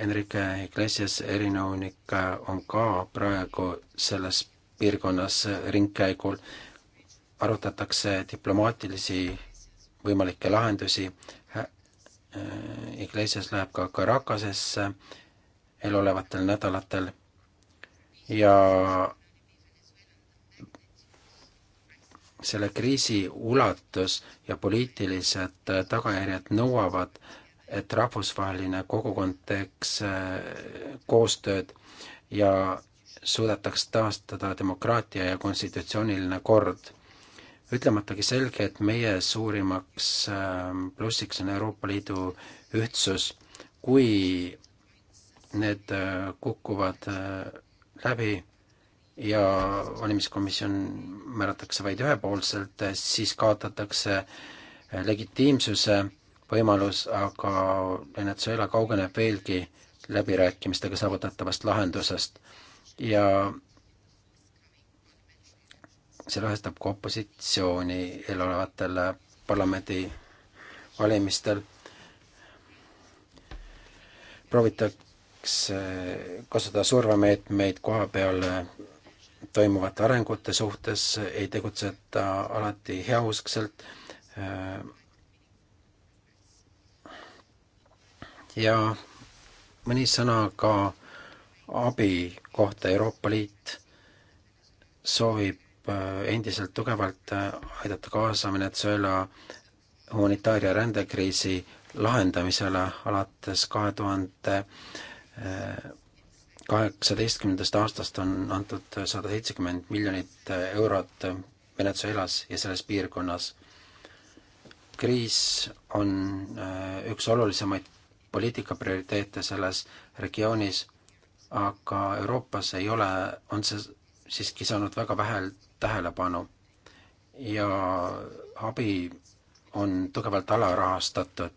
Enrique Iglesias erinõunik äh, on ka praegu selles piirkonnas äh, ringkäigul, arutatakse diplomaatilisi võimalikke lahendusi. Iglesias läheb ka Caracasesse eelolevatel nädalatel ja selle kriisi ulatus ja poliitilised tagajärjed nõuavad, et rahvusvaheline kogukond teeks äh, koostööd ja suudetaks taastada demokraatia ja konstitutsiooniline kord. ütlematagi selge, et meie suurimaks äh, plussiks on Euroopa Liidu ühtsus. kui need äh, kukuvad läbi ja valimiskomisjon määratakse vaid ühepoolselt, siis kaotatakse legitiimsuse võimalus, aga Venezuela kaugeneb veelgi läbirääkimistega saavutatavast lahendusest ja see lõhestab ka opositsiooni eelolevatel parlamendivalimistel. proovita-, tuleks eh, kasutada survemeetmeid koha peal eh, toimuvate arengute suhtes, ei tegutseta alati heauskselt eh, ja mõni sõna ka abi kohta, Euroopa Liit soovib endiselt tugevalt aidata kaasa Venezuela humanitaar- ja rändekriisi lahendamisele alates kahe tuhande kaheksateistkümnendast aastast on antud sada seitsekümmend miljonit eurot Venezuelas ja selles piirkonnas. kriis on äh, üks olulisemaid poliitika prioriteete selles regioonis, aga Euroopas ei ole, on see siiski saanud väga vähe tähelepanu ja abi on tugevalt alarahastatud.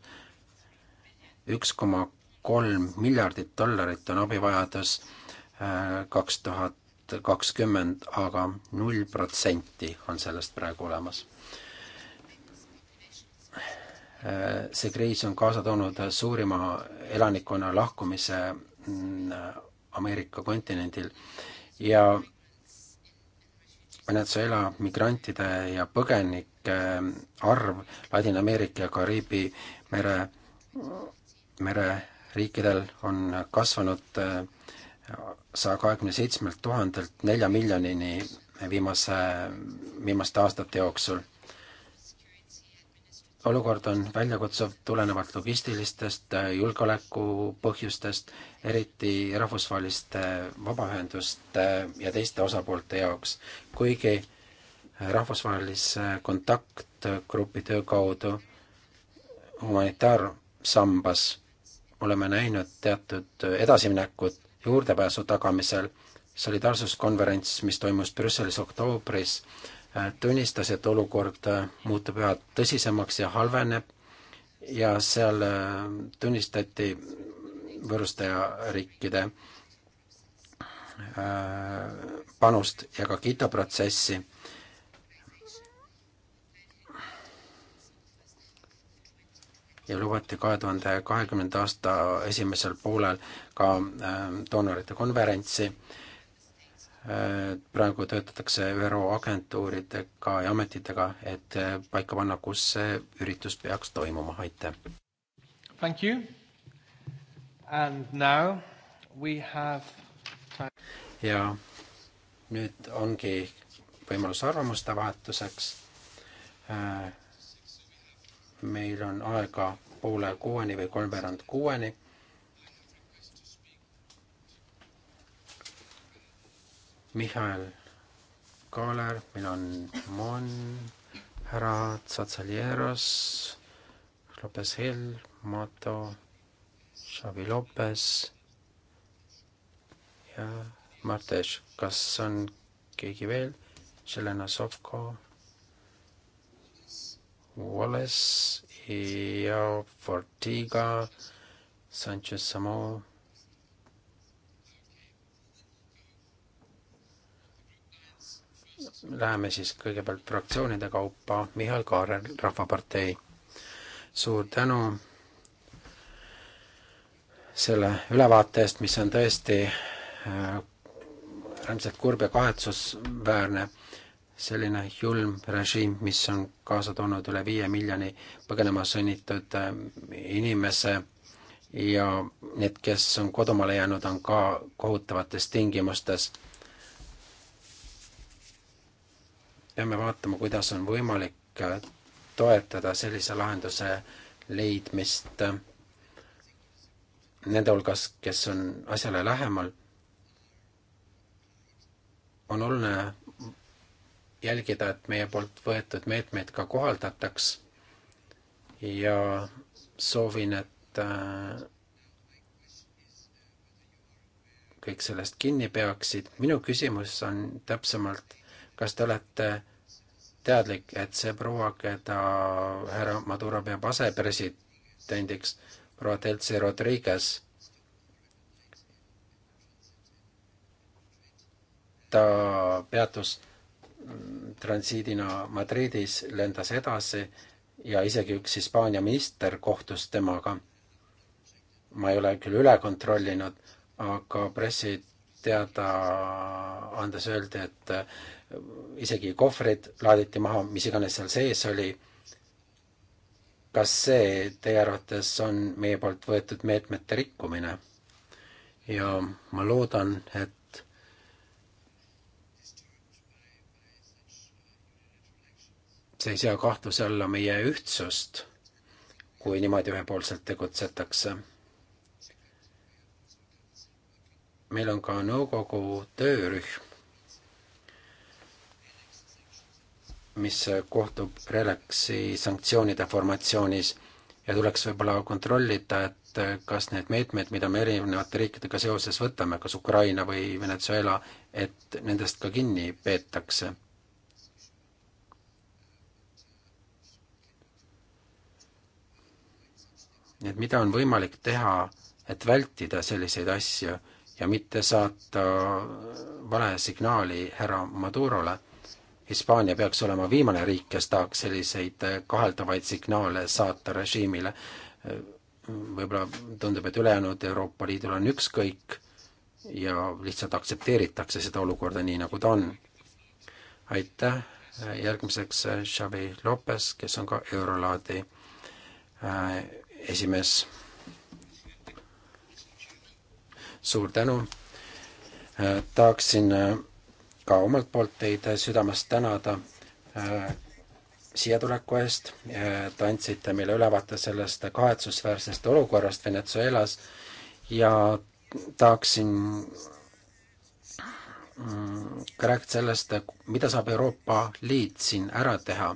üks koma kolm miljardit dollarit on abivajadus äh, kaks tuhat kakskümmend, aga null protsenti on sellest praegu olemas. Äh, see kriis on kaasa toonud suurima elanikkonna lahkumise mm, Ameerika kontinendil ja Venezuela migrantide ja põgenike äh, arv Ladina-Ameerika ja Kariibi mere, mere riikidel on kasvanud äh, saja kahekümne seitsmelt tuhandelt nelja miljonini viimase, viimaste aastate jooksul. olukord on väljakutsuv tulenevalt logistilistest äh, julgeolekupõhjustest, eriti rahvusvaheliste vabaühenduste äh, ja teiste osapoolte jaoks, kuigi rahvusvahelise kontaktgrupi töö kaudu humanitaarsambas oleme näinud teatud edasiminekut juurdepääsu tagamisel. solidaarsuskonverents, mis toimus Brüsselis oktoobris, äh, tunnistas, et olukord äh, muutub üha tõsisemaks ja halveneb ja seal äh, tunnistati võõrustajariikide panust ja ka Gito protsessi ja lubati kahe tuhande kahekümnenda aasta esimesel poolel ka äh, doonorite konverentsi. Äh, praegu töötatakse ÜRO agentuuridega ja ametitega, et äh, paika panna, kus see üritus peaks toimuma, aitäh! Thank you and now we have time. ja nüüd ongi võimalus arvamuste vahetuseks äh, meil on aega poole kuueni või kolmveerand kuueni. Mihhail Kaaler, meil on Mon, härra Tsatsalieros, Lopez Hill, Mato, Xavi Lopez ja Martes, kas on keegi veel? Selena Sovko Wallace ja Fortiga, Sanchez Samo. Läheme siis kõigepealt fraktsioonide kaupa, Mihhail Kaarel, Rahvapartei. suur tänu selle ülevaate eest, mis on tõesti äh, äärmiselt kurb ja kahetsusväärne selline julm režiim, mis on kaasa toonud üle viie miljoni põgenema sunnitud äh, inimese ja need, kes on kodumaale jäänud, on ka kohutavates tingimustes. peame vaatama, kuidas on võimalik äh, toetada sellise lahenduse leidmist äh, nende hulgas, kes on asjale lähemal, on oluline jälgida, et meie poolt võetud meetmeid ka kohaldataks ja soovin, et äh, kõik sellest kinni peaksid. minu küsimus on täpsemalt, kas te olete teadlik, et see proua, keda härra Maduro peab asepresidendiks, proua Deltsi Rodriguez, ta peatus transiidina Madridis, lendas edasi ja isegi üks Hispaania minister kohtus temaga. ma ei ole küll üle kontrollinud, aga pressiteada andes öeldi, et äh, isegi kohvrid laaditi maha, mis iganes seal sees oli. kas see teie arvates on meie poolt võetud meetmete rikkumine? ja ma loodan, et see ei sea kahtluse alla meie ühtsust, kui niimoodi ühepoolselt tegutsetakse. meil on ka nõukogu töörühm, mis kohtub Relexi sanktsioonide formatsioonis ja tuleks võib-olla kontrollida, et kas need meetmed, mida me erinevate riikidega seoses võtame, kas Ukraina või Venezuela, et nendest ka kinni peetakse nii et mida on võimalik teha, et vältida selliseid asju ja mitte saata vale signaali härra Madurole. Hispaania peaks olema viimane riik, kes tahaks selliseid kaheldavaid signaale saata režiimile. võib-olla tundub, et ülejäänud Euroopa Liidul on ükskõik ja lihtsalt aktsepteeritakse seda olukorda nii, nagu ta on. aitäh, järgmiseks Xavi Lopes, kes on ka Eurolaadi äh, esimees. suur tänu. Äh, tahaksin äh, ka omalt poolt teid äh, südamest tänada siia tuleku eest. Te andsite meile ülevaate sellest kahetsusväärsest olukorrast Venezuelas ja tahaksin mm, ka rääkida sellest, mida saab Euroopa Liit siin ära teha.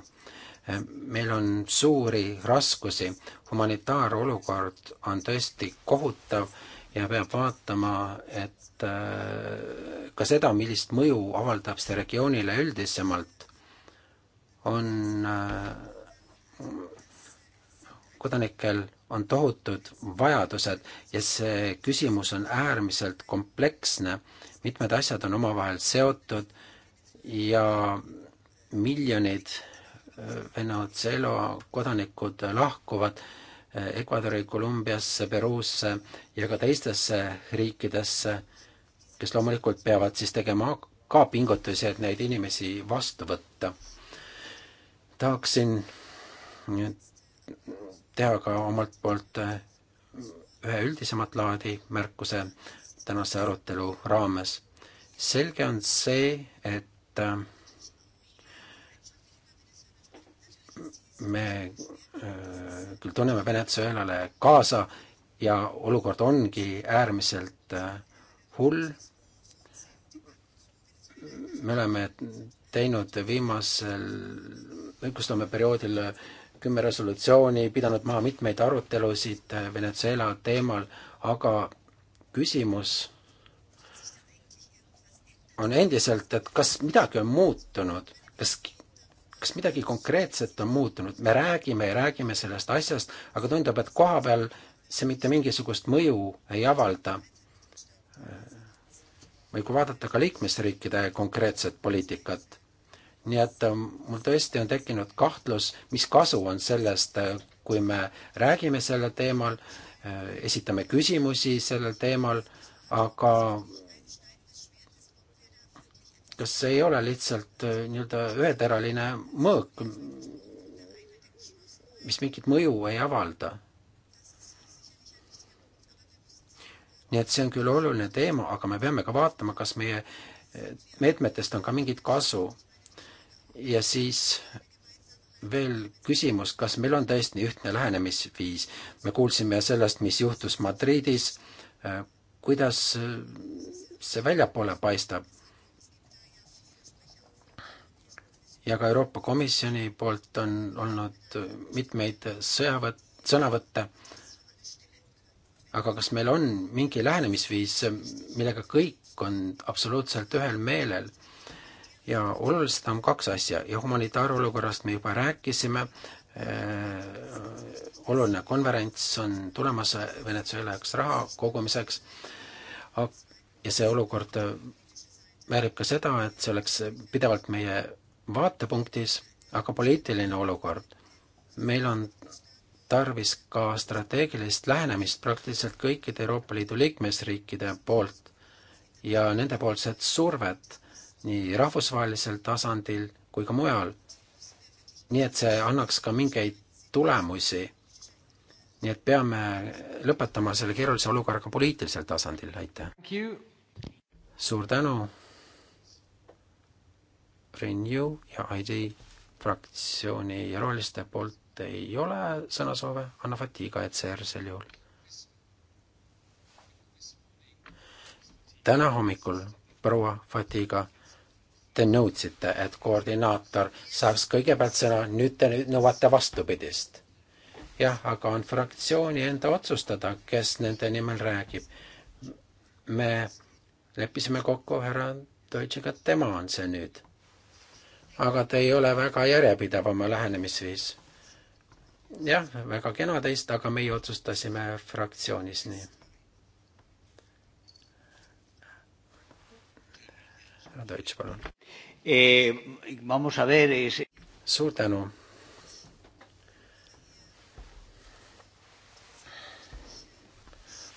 meil on suuri raskusi humanitaarolukord on tõesti kohutav ja peab vaatama, et äh, ka seda, millist mõju avaldab see regioonile üldisemalt, on äh, kodanikel on tohutud vajadused ja see küsimus on äärmiselt kompleksne, mitmed asjad on omavahel seotud ja miljonid äh, Venezuela kodanikud lahkuvad äh, Eh, Ecuadori, Kolumbiasse, Peruusse ja ka teistesse riikidesse, kes loomulikult peavad siis tegema ka pingutusi, et neid inimesi vastu võtta. tahaksin eh, teha ka omalt poolt eh, ühe üldisemat laadi märkuse tänase arutelu raames. selge on see, et me äh, küll tunneme Venezuelale kaasa ja olukord ongi äärmiselt äh, hull. me oleme teinud viimasel õigusloome perioodil kümme resolutsiooni, pidanud maha mitmeid arutelusid äh, Venezuela teemal, aga küsimus on endiselt, et kas midagi on muutunud, kas kas midagi konkreetset on muutunud, me räägime ja räägime sellest asjast, aga tundub, et koha peal see mitte mingisugust mõju ei avalda. või kui vaadata ka liikmesriikide konkreetset poliitikat, nii et äh, mul tõesti on tekkinud kahtlus, mis kasu on sellest, äh, kui me räägime sellel teemal, äh, esitame küsimusi sellel teemal, aga kas see ei ole lihtsalt äh, nii-öelda üheteraline mõõk, mis mingit mõju ei avalda? nii et see on küll oluline teema, aga me peame ka vaatama, kas meie äh, meetmetest on ka mingit kasu. ja siis veel küsimus, kas meil on tõesti ühtne lähenemisviis. me kuulsime sellest, mis juhtus Madridis. Äh, kuidas see väljapoole paistab? ja ka Euroopa Komisjoni poolt on olnud mitmeid sõjavõtt, sõnavõtte, aga kas meil on mingi lähenemisviis, millega kõik on absoluutselt ühel meelel? ja olulised on kaks asja ja humanitaarolukorrast me juba rääkisime, äh, oluline konverents on tulemas Venezuela jaoks raha kogumiseks ja see olukord väärib ka seda, et see oleks pidevalt meie vaatepunktis aga poliitiline olukord. meil on tarvis ka strateegilist lähenemist praktiliselt kõikide Euroopa Liidu liikmesriikide poolt ja nendepoolset survet nii rahvusvahelisel tasandil kui ka mujal. nii et see annaks ka mingeid tulemusi. nii et peame lõpetama selle keerulise olukorraga poliitilisel tasandil, aitäh! suur tänu! Renew ja ID fraktsiooni ja roheliste poolt ei ole sõnasoove, Anna Fatiga ECR sel juhul. täna hommikul proua Fatiga te nõudsite, et koordinaator saaks kõigepealt sõna, nüüd te nõuate vastupidist. jah, aga on fraktsiooni enda otsustada, kes nende nimel räägib. me leppisime kokku härra Deutschiga, tema on see nüüd aga te ei ole väga järjepidev oma lähenemisviis. jah, väga kena teist, aga meie otsustasime fraktsioonis nii. härra Deutsch, palun eh,. Vamos a ver es.... suur tänu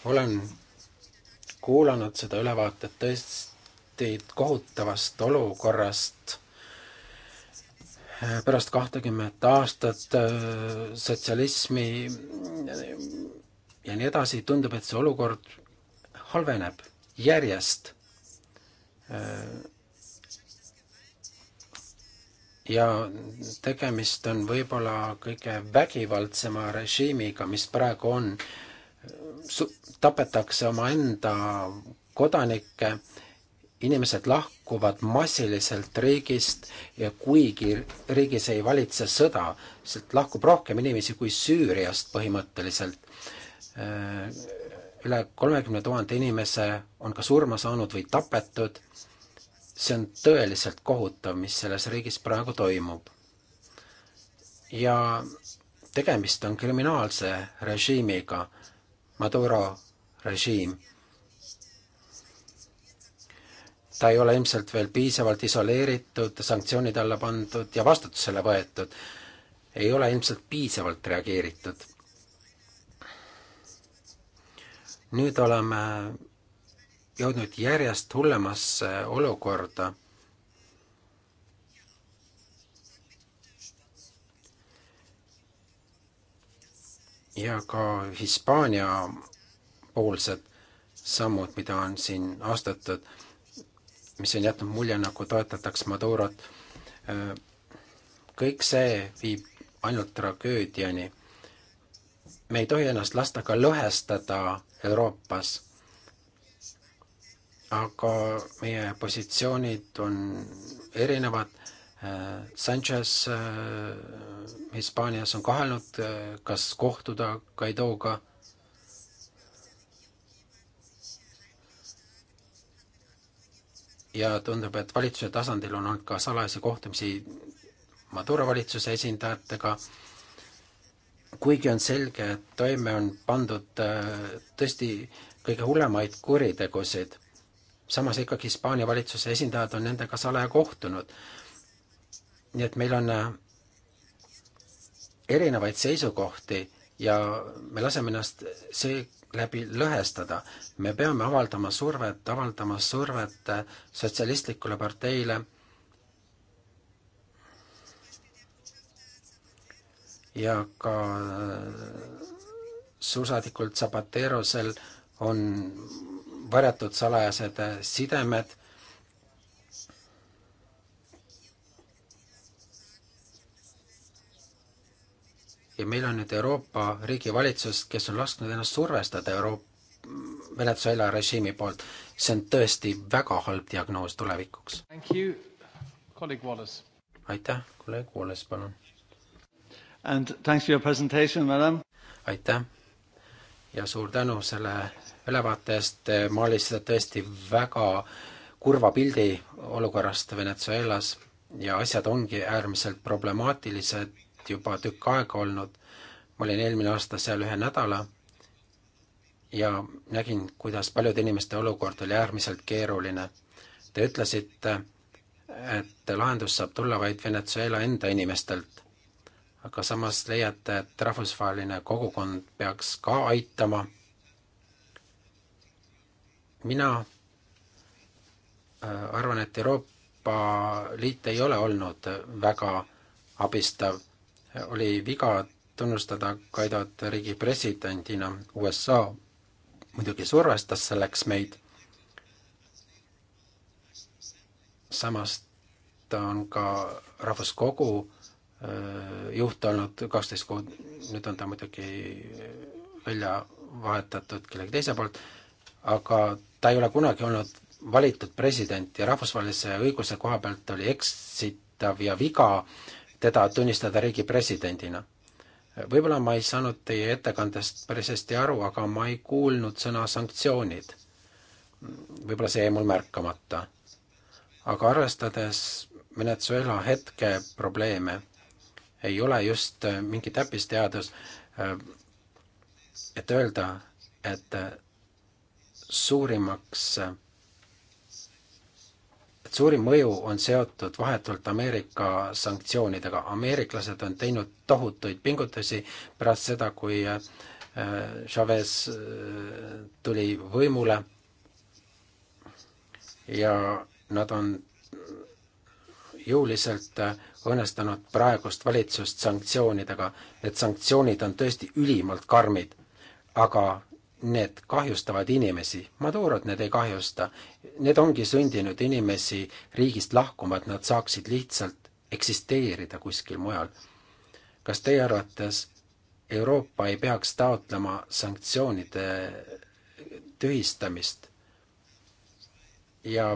olen kuulanud seda ülevaatet tõesti kohutavast olukorrast Äh, pärast kahtekümmet aastat äh, sotsialismi äh, ja nii edasi, tundub, et see olukord halveneb järjest. ja tegemist on võib-olla kõige vägivaldsema režiimiga, mis praegu on. tapetakse omaenda kodanikke inimesed lahkuvad massiliselt riigist ja kuigi riigis ei valitse sõda, sealt lahkub rohkem inimesi kui Süüriast põhimõtteliselt. üle kolmekümne tuhande inimese on kas surma saanud või tapetud. see on tõeliselt kohutav, mis selles riigis praegu toimub. ja tegemist on kriminaalse režiimiga, Maduro režiim ta ei ole ilmselt veel piisavalt isoleeritud, sanktsioonid alla pandud ja vastutusele võetud. ei ole ilmselt piisavalt reageeritud. nüüd oleme jõudnud järjest hullemasse olukorda. ja ka Hispaania poolsed sammud, mida on siin astutud mis on jätnud mulje, nagu toetataks Madurot. kõik see viib ainult tragöödiani. me ei tohi ennast lasta ka lõhestada Euroopas. aga meie positsioonid on erinevad. Sanchez eh, Hispaanias on kahelnud, eh, kas kohtuda Guaidoga ka ja tundub, et valitsuse tasandil on olnud ka salajasi kohtumisi Maduro valitsuse esindajatega, kuigi on selge, et toime on pandud äh, tõesti kõige hullemaid kuritegusid, samas ikkagi Hispaania valitsuse esindajad on nendega salaja kohtunud. nii et meil on äh, erinevaid seisukohti ja me laseme ennast see läbi lõhestada. me peame avaldama survet, avaldama survet sotsialistlikule parteile ja ka äh, suursaadikult Zapaterosel on varjatud salajased sidemed ja meil on nüüd Euroopa riigivalitsus, kes on lasknud ennast survestada Euroopa Venezuela režiimi poolt. see on tõesti väga halb diagnoos tulevikuks. aitäh, kolleeg Wallace, palun. And thanks for your presentation, madam. aitäh ja suur tänu selle ülevaate eest, maalis seda tõesti väga kurva pildi olukorrast Venezuelas ja asjad ongi äärmiselt problemaatilised Liidult juba tükk aega olnud. ma olin eelmine aasta seal ühe nädala ja nägin, kuidas paljude inimeste olukord oli äärmiselt keeruline. Te ütlesite, et lahendus saab tulla vaid Venezuela enda inimestelt. aga samas leiate, et rahvusvaheline kogukond peaks ka aitama. mina äh, arvan, et Euroopa Liit ei ole olnud väga abistav oli viga tunnustada Kaidot riigi presidendina, USA muidugi survestas selleks meid, samas ta on ka Rahvuskogu äh, juht olnud kaksteist kuud, nüüd on ta muidugi äh, välja vahetatud kellegi teise poolt, aga ta ei ole kunagi olnud valitud president ja rahvusvahelise õiguse koha pealt oli eksitav ja viga äh, teda tunnistada riigi presidendina. võib-olla ma ei saanud teie ettekandest päris hästi aru, aga ma ei kuulnud sõna sanktsioonid. võib-olla see jäi mul märkamata. aga arvestades Venezuela hetke probleeme, ei ole just mingi täppisteadus, et öelda, et suurimaks suurim mõju on seotud vahetult Ameerika sanktsioonidega. ameeriklased on teinud tohutuid pingutusi pärast seda, kui äh, Chavez äh, tuli võimule ja nad on jõuliselt äh, õõnestanud praegust valitsust sanktsioonidega. Need sanktsioonid on tõesti ülimalt karmid, aga need kahjustavad inimesi, Madurot need ei kahjusta need ongi sundinud inimesi riigist lahkuma, et nad saaksid lihtsalt eksisteerida kuskil mujal. kas teie arvates Euroopa ei peaks taotlema sanktsioonide tühistamist ja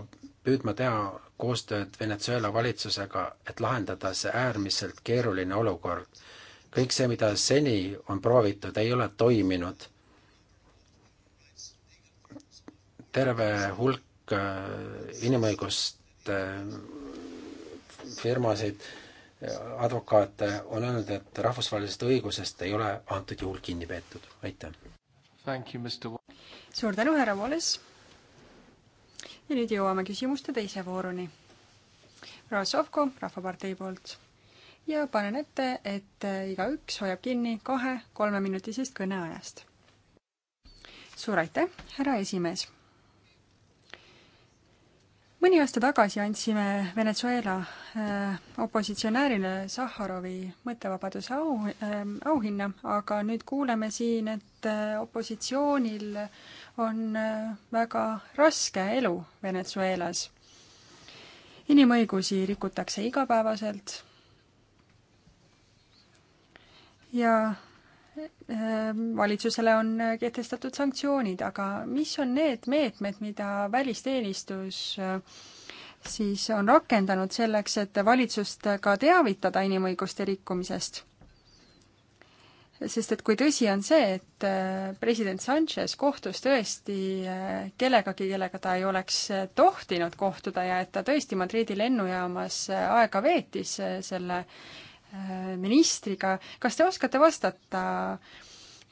püüdma teha koostööd Venezuela valitsusega, et lahendada see äärmiselt keeruline olukord. kõik see, mida seni on proovitud, ei ole toiminud. terve hulk hulk inimõiguste firmasid, advokaate on öelnud, et rahvusvahelisest õigusest ei ole antud juhul kinni peetud. aitäh! suur tänu, härra Wallace! ja nüüd jõuame küsimuste teise vooruni. proua Sovko Rahvapartei poolt ja panen ette, et igaüks hoiab kinni kahe kolmeminutisest kõneajast. suur aitäh, härra esimees mõni aasta tagasi andsime Venezuela äh, opositsionäärile Sahharovi mõttevabaduse au, äh, auhinna, aga nüüd kuuleme siin, et äh, opositsioonil on väga raske elu Venezuelas. inimõigusi rikutakse igapäevaselt ja Ehm, valitsusele on kehtestatud sanktsioonid, aga mis on need meetmed, mida välisteenistus eh, siis on rakendanud selleks, et valitsust ka teavitada inimõiguste rikkumisest? sest et kui tõsi on see, et eh, president Sanchez kohtus tõesti eh, kellegagi, kellega ta ei oleks tohtinud kohtuda ja et ta tõesti Madridi lennujaamas aega veetis selle Äh, ministriga, kas te oskate vastata,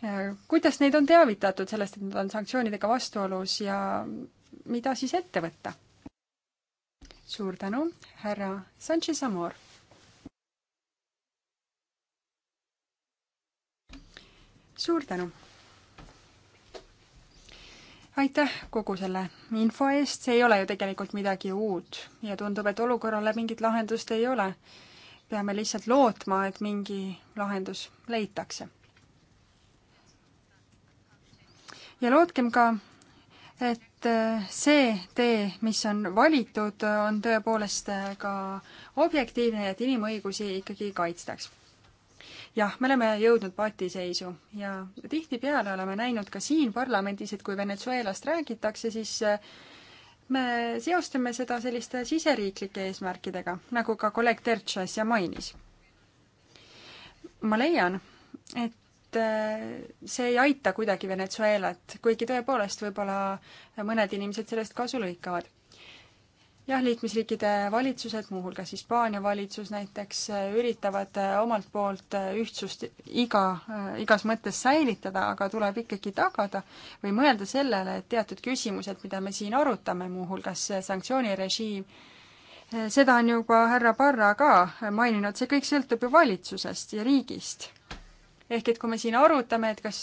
äh, kuidas neid on teavitatud sellest, et nad on sanktsioonidega vastuolus ja mida siis ette võtta? suur tänu, härra Sanchez Amor. suur tänu aitäh kogu selle info eest, see ei ole ju tegelikult midagi uut ja tundub, et olukorrale mingit lahendust ei ole peame lihtsalt lootma, et mingi lahendus leitakse. ja lootkem ka, et äh, see tee, mis on valitud, on tõepoolest äh, ka objektiivne ja et inimõigusi ikkagi kaitstaks. jah, me oleme jõudnud patiseisu ja tihtipeale oleme näinud ka siin parlamendis, et kui Venezuelast räägitakse, siis äh, me seostame seda selliste siseriiklike eesmärkidega, nagu ka kolleeg Terts äsja mainis. ma leian, et äh, see ei aita kuidagi Venezuelat, kuigi tõepoolest võib-olla mõned inimesed sellest kasu lõikavad jah, liikmesriikide valitsused, muuhulgas Hispaania valitsus näiteks, üritavad äh, omalt poolt äh, ühtsust iga, äh, igas mõttes säilitada, aga tuleb ikkagi tagada või mõelda sellele, et teatud küsimused, mida me siin arutame, muuhulgas sanktsioonirežiim, seda on juba härra Parra ka maininud, see kõik sõltub ju valitsusest ja riigist. ehk et kui me siin arutame, et kas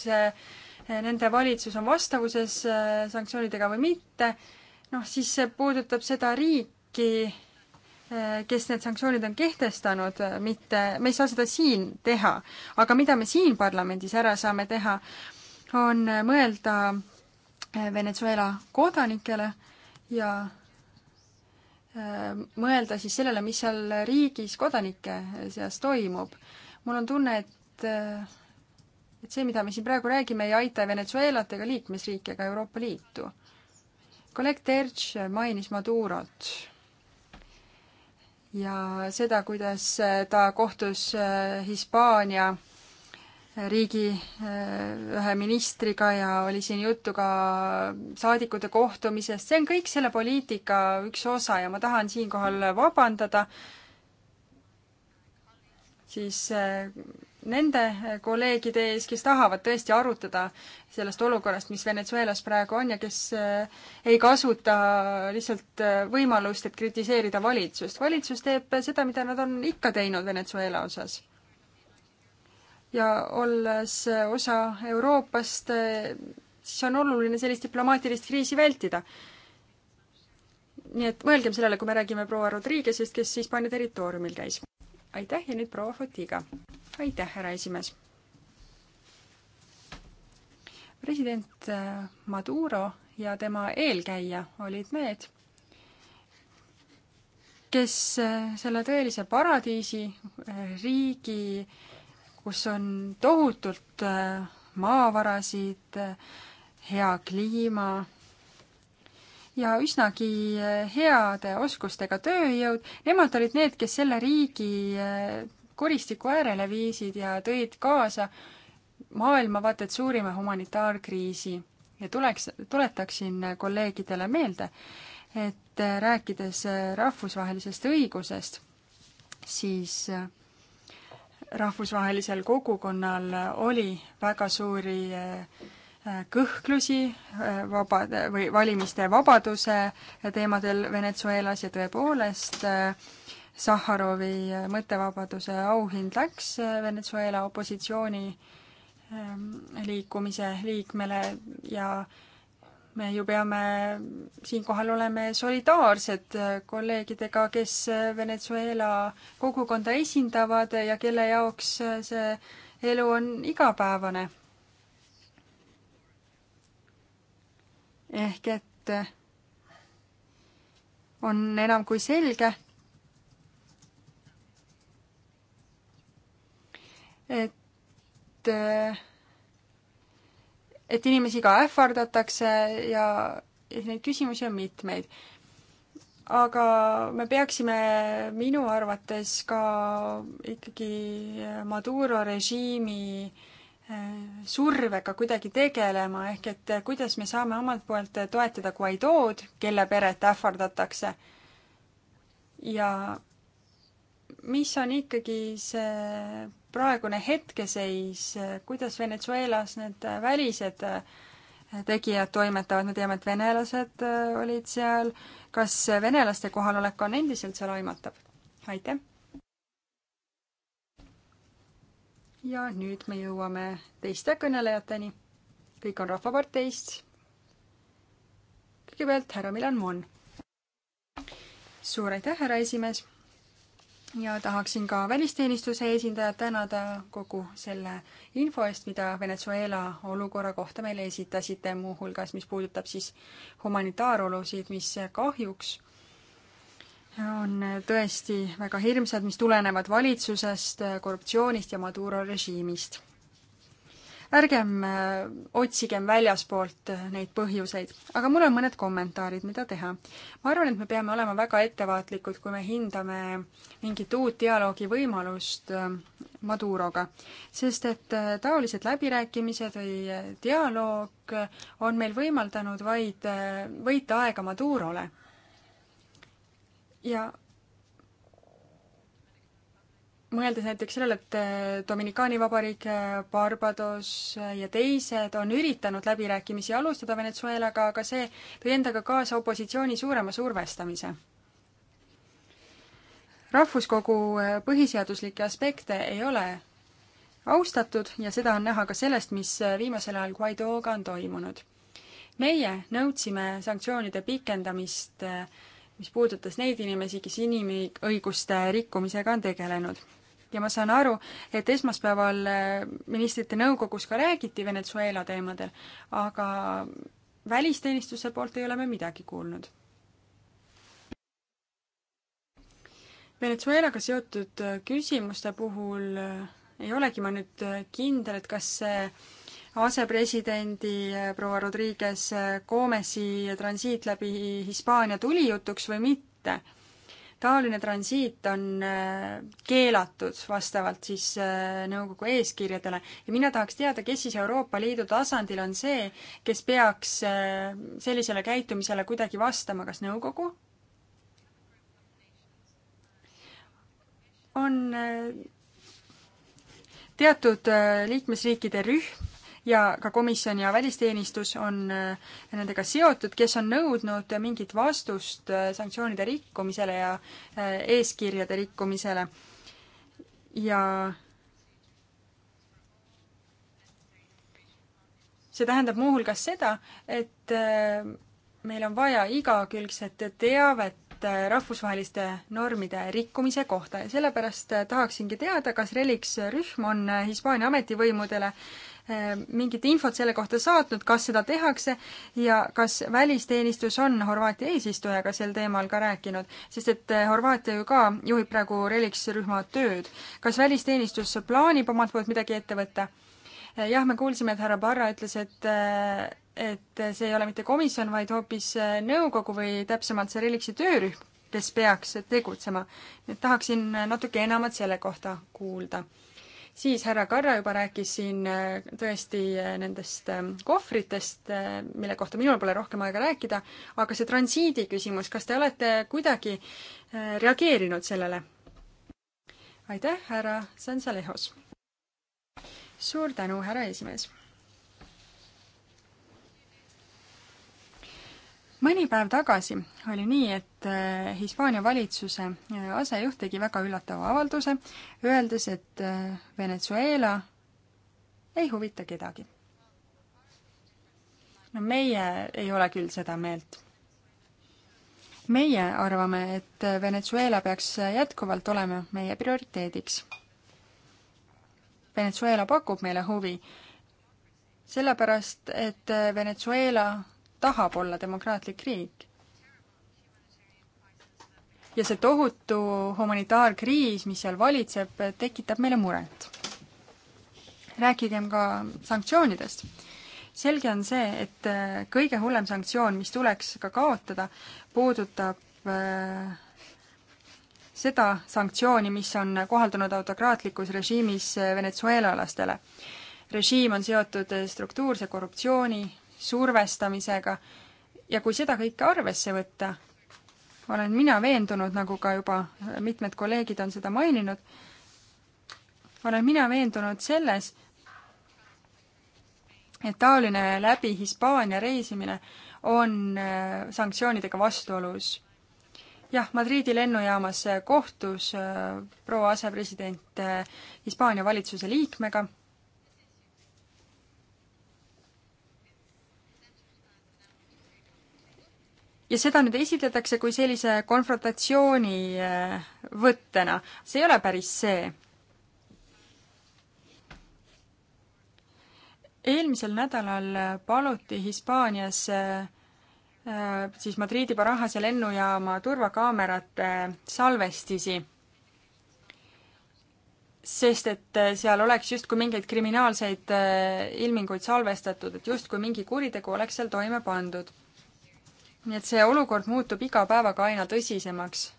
nende valitsus on vastavuses sanktsioonidega või mitte, noh, siis see puudutab seda riiki, eh, kes need sanktsioonid on kehtestanud, eh, mitte, me ei saa seda siin teha. aga mida me siin parlamendis ära saame teha, on mõelda eh, Venezuela kodanikele ja mõelda siis sellele, mis seal riigis kodanike seas toimub. mul on tunne, et et see, mida me siin praegu räägime, ei aita Venezuelat ega liikmesriike ega Euroopa Liitu kolleeg Terts mainis Madurot ja seda, kuidas ta kohtus eh, Hispaania eh, riigi eh, ühe ministriga ja oli siin juttu ka saadikute kohtumisest, see on kõik selle poliitika üks osa ja ma tahan siinkohal vabandada siis nende eh, kolleegide ees, kes tahavad tõesti arutada sellest olukorrast, mis Venezuelas praegu on ja kes eh, ei kasuta lihtsalt eh, võimalust, et kritiseerida valitsust. valitsus teeb seda, mida nad on ikka teinud Venezuela osas. ja olles osa Euroopast, siis on oluline sellist diplomaatilist kriisi vältida. nii et mõelgem sellele, kui me räägime proua Rodriguez'ist, kes Hispaania territooriumil käis. aitäh ja nüüd proua Fotiga! aitäh, härra esimees. president äh, Maduro ja tema eelkäija olid need, kes äh, selle tõelise paradiisi äh, riigi, kus on tohutult maavarasid, hea kliima ja üsnagi heade oskustega tööjõud, nemad olid need, kes selle riigi koristiku äärele viisid ja tõid kaasa maailmavaated suurima humanitaarkriisi. ja tuleks, tuletaksin kolleegidele meelde, et rääkides rahvusvahelisest õigusest, siis rahvusvahelisel kogukonnal oli väga suuri äh, kõhklusi äh, vaba, või valimiste vabaduse teemadel Venezuelas ja tõepoolest äh, Sahharovi äh, mõttevabaduse auhind läks äh, Venezuela opositsiooni ähm, liikumise liikmele ja me ju peame, siinkohal oleme solidaarsed äh, kolleegidega, kes Venezuela kogukonda esindavad ja kelle jaoks see elu on igapäevane. ehk et on enam kui selge, et, et inimesi ka ähvardatakse ja neid küsimusi on mitmeid. aga me peaksime minu arvates ka ikkagi Maduro režiimi eh, survega kuidagi tegelema, ehk et kuidas me saame omalt poolt toetada Guaidood, kelle peret ähvardatakse ja mis on ikkagi see praegune hetkeseis, kuidas Venezuelas need välised äh, tegijad toimetavad, me teame, et venelased äh, olid seal, kas venelaste kohalolek on endiselt seal aimatav? aitäh! ja nüüd me jõuame teiste kõnelejateni. kõik on Rahvaparteist. kõigepealt härra Milan Mon. suur aitäh, härra esimees ja tahaksin ka välisteenistuse esindajat tänada kogu selle info eest, mida Venezuela olukorra kohta meile esitasite, muuhulgas mis puudutab siis humanitaarolusid, mis kahjuks on tõesti väga hirmsad, mis tulenevad valitsusest, korruptsioonist ja Maduro režiimist ärgem äh, otsigem väljaspoolt äh, neid põhjuseid, aga mul on mõned kommentaarid, mida teha. ma arvan, et me peame olema väga ettevaatlikud, kui me hindame mingit uut dialoogi võimalust äh, Maduroga, sest et taolised läbirääkimised või dialoog on meil võimaldanud vaid võita aega Madurole. ja mõeldes näiteks sellele, et eh, Dominikaani Vabariik, eh, Barbados eh, ja teised on üritanud läbirääkimisi alustada Venezuelaga, aga see tõi endaga kaasa opositsiooni suurema survestamise. rahvuskogu põhiseaduslikke aspekte ei ole austatud ja seda on näha ka sellest, mis viimasel ajal Guaidoga on toimunud. meie nõudsime sanktsioonide pikendamist mis puudutas neid inimesi, kes inimõiguste rikkumisega on tegelenud ja ma saan aru, et esmaspäeval äh, ministrite nõukogus ka räägiti Venezuela teemadel, aga välisteenistuse poolt ei ole me midagi kuulnud. Venezuelaga seotud äh, küsimuste puhul äh, ei olegi ma nüüd kindel, et kas see asepresidendi proua Rodriguez Gomesi transiit läbi Hispaania tuli jutuks või mitte taoline transiit on äh, keelatud vastavalt siis äh, nõukogu eeskirjadele ja mina tahaks teada, kes siis Euroopa Liidu tasandil on see, kes peaks äh, sellisele käitumisele kuidagi vastama, kas nõukogu? on teatud liikmesriikide rühm, ja ka komisjon ja välisteenistus on äh, nendega seotud, kes on nõudnud mingit vastust äh, sanktsioonide rikkumisele ja äh, eeskirjade rikkumisele. ja see tähendab muuhulgas seda, et meil on vaja igakülgset teavet rahvusvaheliste normide rikkumise kohta ja sellepärast tahaksingi teada, kas Relix rühm on Hispaania ametivõimudele Äh, mingit infot selle kohta saatnud, kas seda tehakse ja kas välisteenistus on Horvaatia eesistujaga sel teemal ka rääkinud, sest et äh, Horvaatia ju ka juhib praegu Relix rühma tööd. kas välisteenistus plaanib omalt poolt midagi ette võtta? Äh, jah, me kuulsime, et härra Barra ütles, et et see ei ole mitte komisjon, vaid hoopis nõukogu või täpsemalt see Relixi töörühm, kes peaks tegutsema. nii et tahaksin natuke enamat selle kohta kuulda siis härra Karra juba rääkis siin äh, tõesti äh, nendest ähm, kohvritest, äh, mille kohta minul pole rohkem aega rääkida, aga see transiidi küsimus, kas te olete kuidagi reageerinud sellele? aitäh, härra Sansalehos! suur tänu, härra esimees! mõni päev tagasi oli nii, et äh, Hispaania valitsuse äh, asejuht tegi väga üllatava avalduse, öeldes, et äh, Venezuela ei huvita kedagi. no meie ei ole küll seda meelt. meie arvame, et Venezuela peaks jätkuvalt olema meie prioriteediks. Venezuela pakub meile huvi, sellepärast et Venezuela tahab olla demokraatlik riik. ja see tohutu humanitaarkriis, mis seal valitseb, tekitab meile muret. rääkigem ka sanktsioonidest. selge on see, et äh, kõige hullem sanktsioon, mis tuleks ka kaotada, puudutab äh, seda sanktsiooni, mis on kohaldunud autokraatlikus režiimis äh, venezuelalastele. režiim on seotud struktuurse korruptsiooni, survestamisega ja kui seda kõike arvesse võtta, olen mina veendunud, nagu ka juba mitmed kolleegid on seda maininud, olen mina veendunud selles, et taoline läbi Hispaania reisimine on äh, sanktsioonidega vastuolus. jah, Madridi lennujaamas kohtus äh, proua asepresident äh, Hispaania valitsuse liikmega ja seda nüüd esitletakse kui sellise konfrontatsiooni äh, võttena. see ei ole päris see. eelmisel nädalal äh, paluti Hispaanias äh, siis Madridi Barahase lennujaama turvakaamerate salvestisi, sest et seal oleks justkui mingeid kriminaalseid ilminguid salvestatud, et justkui mingi kuritegu oleks seal toime pandud nii et see olukord muutub iga päevaga aina tõsisemaks.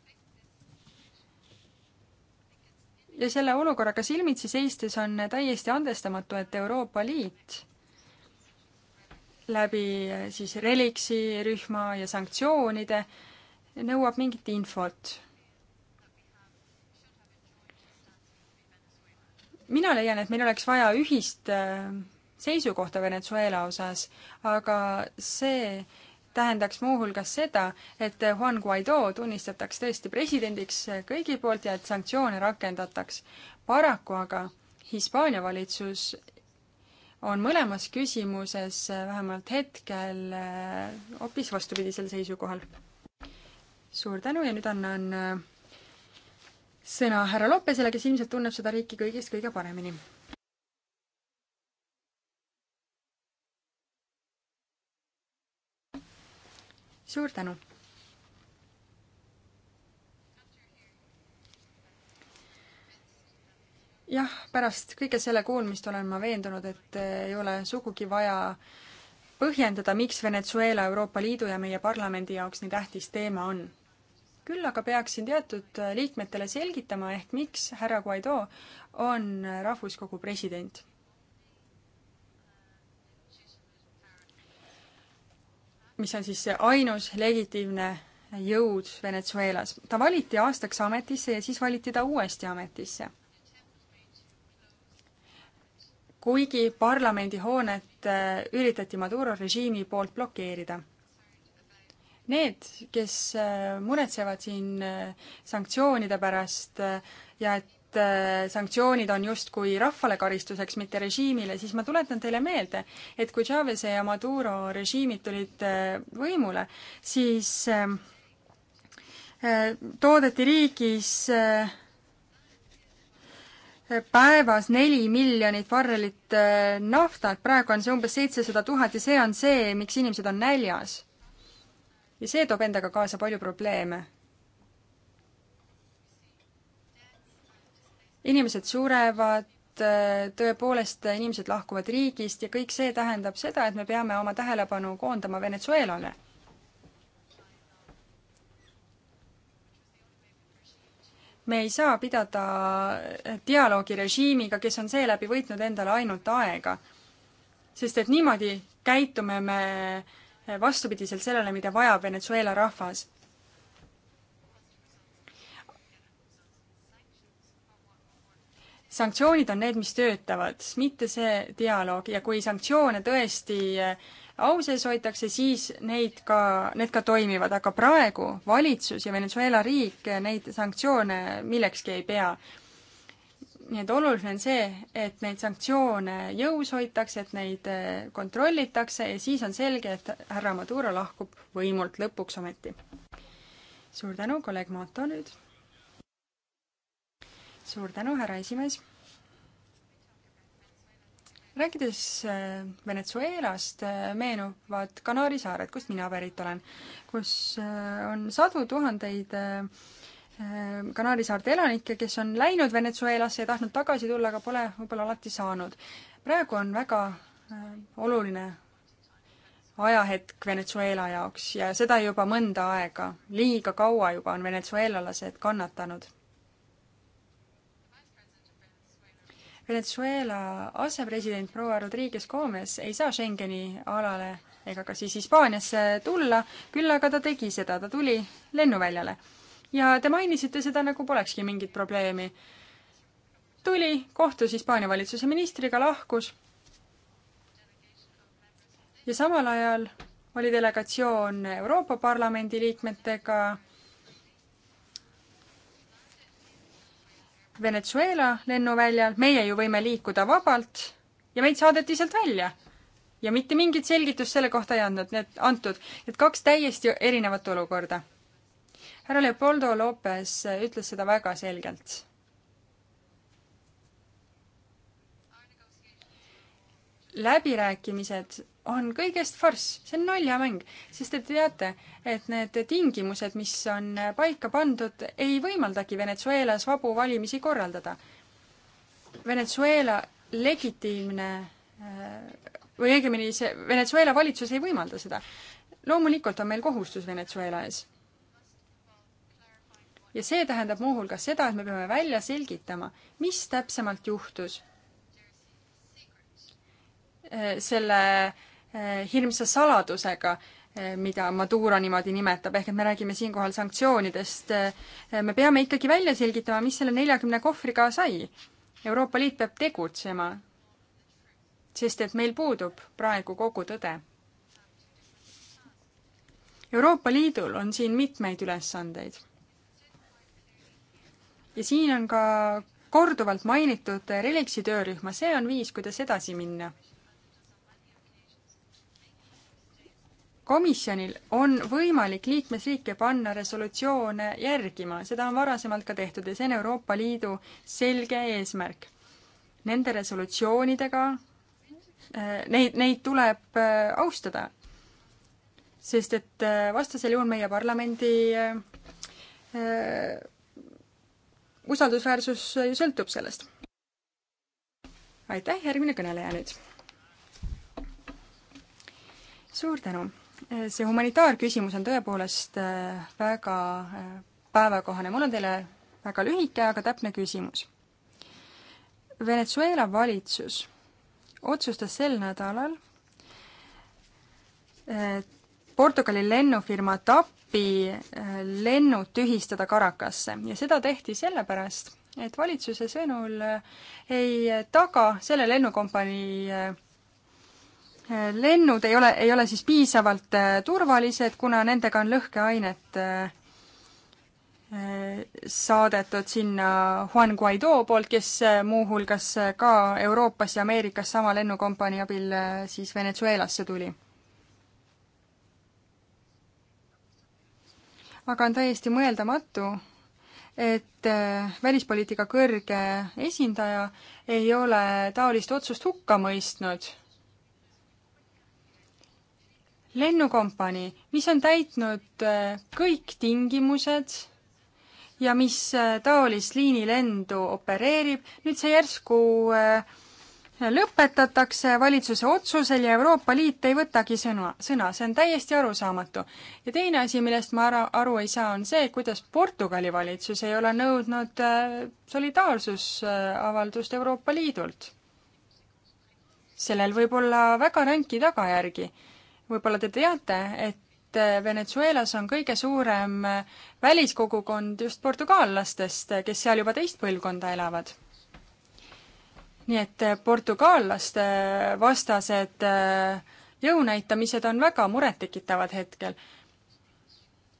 ja selle olukorraga silmitsi seistes on täiesti andestamatu, et Euroopa Liit läbi eh, siis reliksi rühma ja sanktsioonide nõuab mingit infot mina leian, et meil oleks vaja ühist eh, seisukohta Venezuela osas, aga see, tähendaks muuhulgas seda, et Juan Guaido tunnistataks tõesti presidendiks kõigi poolt ja et sanktsioone rakendataks. paraku aga Hispaania valitsus on mõlemas küsimuses vähemalt hetkel äh, hoopis vastupidisel seisukohal. suur tänu ja nüüd annan äh, sõna härra Lopesele, kes ilmselt tunneb seda riiki kõigist kõige paremini suur tänu! jah, pärast kõige selle kuulmist olen ma veendunud, et ei ole sugugi vaja põhjendada, miks Venezuela Euroopa Liidu ja meie parlamendi jaoks nii tähtis teema on. küll aga peaksin teatud liikmetele selgitama, ehk miks härra Guaido on rahvuskogu president mis on siis see ainus legitiimne jõud Venezuelas. ta valiti aastaks ametisse ja siis valiti ta uuesti ametisse. kuigi parlamendihoonet äh, üritati Maduro režiimi poolt blokeerida need, kes äh, muretsevad siin äh, sanktsioonide pärast ja et et äh, sanktsioonid on justkui rahvale karistuseks, mitte režiimile, siis ma tuletan teile meelde, et kui Chavez'e ja Maduro režiimid tulid äh, võimule, siis ähm, äh, toodeti riigis päevas neli miljonit barrelit naftat, praegu on see umbes seitsesada tuhat ja see on see, miks inimesed on näljas. ja see toob endaga kaasa palju probleeme inimesed surevad, äh, tõepoolest inimesed lahkuvad riigist ja kõik see tähendab seda, et me peame oma tähelepanu koondama Venezuelale. me ei saa pidada dialoogi režiimiga, kes on seeläbi võitnud endale ainult aega. sest et niimoodi käitume me vastupidiselt sellele, mida vajab Venezuela rahvas sanktsioonid on need, mis töötavad, mitte see dialoog ja kui sanktsioone tõesti eh, au sees hoitakse, siis neid ka, need ka toimivad, aga praegu valitsus ja Venezuela riik eh, neid sanktsioone millekski ei pea. nii et oluline on see, et neid sanktsioone jõus hoitakse, et neid eh, kontrollitakse ja siis on selge, et härra Maduro lahkub võimult lõpuks ometi. suur tänu, kolleeg Mato nüüd suur tänu, härra esimees. rääkides äh, Venezuelast, äh, meenuvad Kanaari saared, kust mina pärit olen, kus äh, on sadu tuhandeid Kanaari saarte elanikke, kes on läinud Venezuelasse ja tahtnud tagasi tulla, aga pole võib-olla alati saanud. praegu on väga oluline ajahetk Venezuela jaoks ja seda juba mõnda aega, liiga kaua juba on venezuelalased kannatanud Venezuela asepresident proua Rodriguez Gomez ei saa Schengeni alale ega ka siis Hispaaniasse tulla, küll aga ta tegi seda, ta tuli lennuväljale. ja te mainisite seda, nagu polekski mingit probleemi. tuli, kohtus Hispaania valitsuse ministriga, lahkus. ja samal ajal oli delegatsioon Euroopa Parlamendi liikmetega Venezuela lennuväljal, meie ju võime liikuda vabalt ja meid saadeti sealt välja. ja mitte mingit selgitust selle kohta ei andnud, need antud, need kaks täiesti erinevat olukorda. härra Leopoldo Lopez ütles seda väga selgelt. läbirääkimised on kõigest farss, see on naljamäng, sest te teate, et need tingimused, mis on paika pandud, ei võimaldagi Venezuelas vabu valimisi korraldada. Venezuela legitiimne äh, või õigemini see Venezuela valitsus ei võimalda seda. loomulikult on meil kohustus Venezuela ees. ja see tähendab muuhulgas seda, et me peame välja selgitama, mis täpsemalt juhtus äh, selle Eh, hirmsa saladusega, eh, mida Maduro niimoodi nimetab, ehk et me räägime siinkohal sanktsioonidest. Eh, me peame ikkagi välja selgitama, mis selle neljakümne kohvriga sai. Euroopa Liit peab tegutsema, sest et meil puudub praegu kogu tõde. Euroopa Liidul on siin mitmeid ülesandeid. ja siin on ka korduvalt mainitud reliksi töörühma, see on viis, kuidas edasi minna komisjonil on võimalik liikmesriike panna resolutsioone järgima, seda on varasemalt ka tehtud ja see on Euroopa Liidu selge eesmärk. Nende resolutsioonidega, eh, neid, neid tuleb eh, austada. sest et eh, vastasel juhul meie parlamendi usaldusväärsus ju sõltub sellest. aitäh, järgmine kõneleja nüüd. suur tänu Eh, see humanitaarküsimus on tõepoolest eh, väga eh, päevakohane. mul on teile väga lühike, aga täpne küsimus. Venezuela valitsus otsustas sel nädalal Portugali lennufirma TAPi lennud tühistada Caracasse ja seda tehti sellepärast, et valitsuse sõnul ei taga selle lennukompanii lennud ei ole, ei ole siis piisavalt äh, turvalised, kuna nendega on lõhkeainet äh, saadetud sinna Juan Guaido poolt, kes äh, muuhulgas ka Euroopas ja Ameerikas sama lennukompanii abil siis Venezuelasse tuli. aga on täiesti mõeldamatu, et välispoliitika kõrge esindaja ei ole taolist otsust hukka mõistnud lennukompanii, mis on täitnud äh, kõik tingimused ja mis äh, taolist liinilendu opereerib, nüüd see järsku äh, lõpetatakse valitsuse otsusel ja Euroopa Liit ei võtagi sõna, sõna, see on täiesti arusaamatu. ja teine asi, millest ma aru, aru ei saa, on see, kuidas Portugali valitsus ei ole nõudnud solidaarsusavaldust Euroopa Liidult. sellel võib olla väga ränki tagajärgi võib-olla te teate, et eh, Venezuelas on kõige suurem eh, väliskogukond just portugaallastest, eh, kes seal juba teist põlvkonda elavad. nii et portugaallaste vastased jõunäitamised on väga murettekitavad hetkel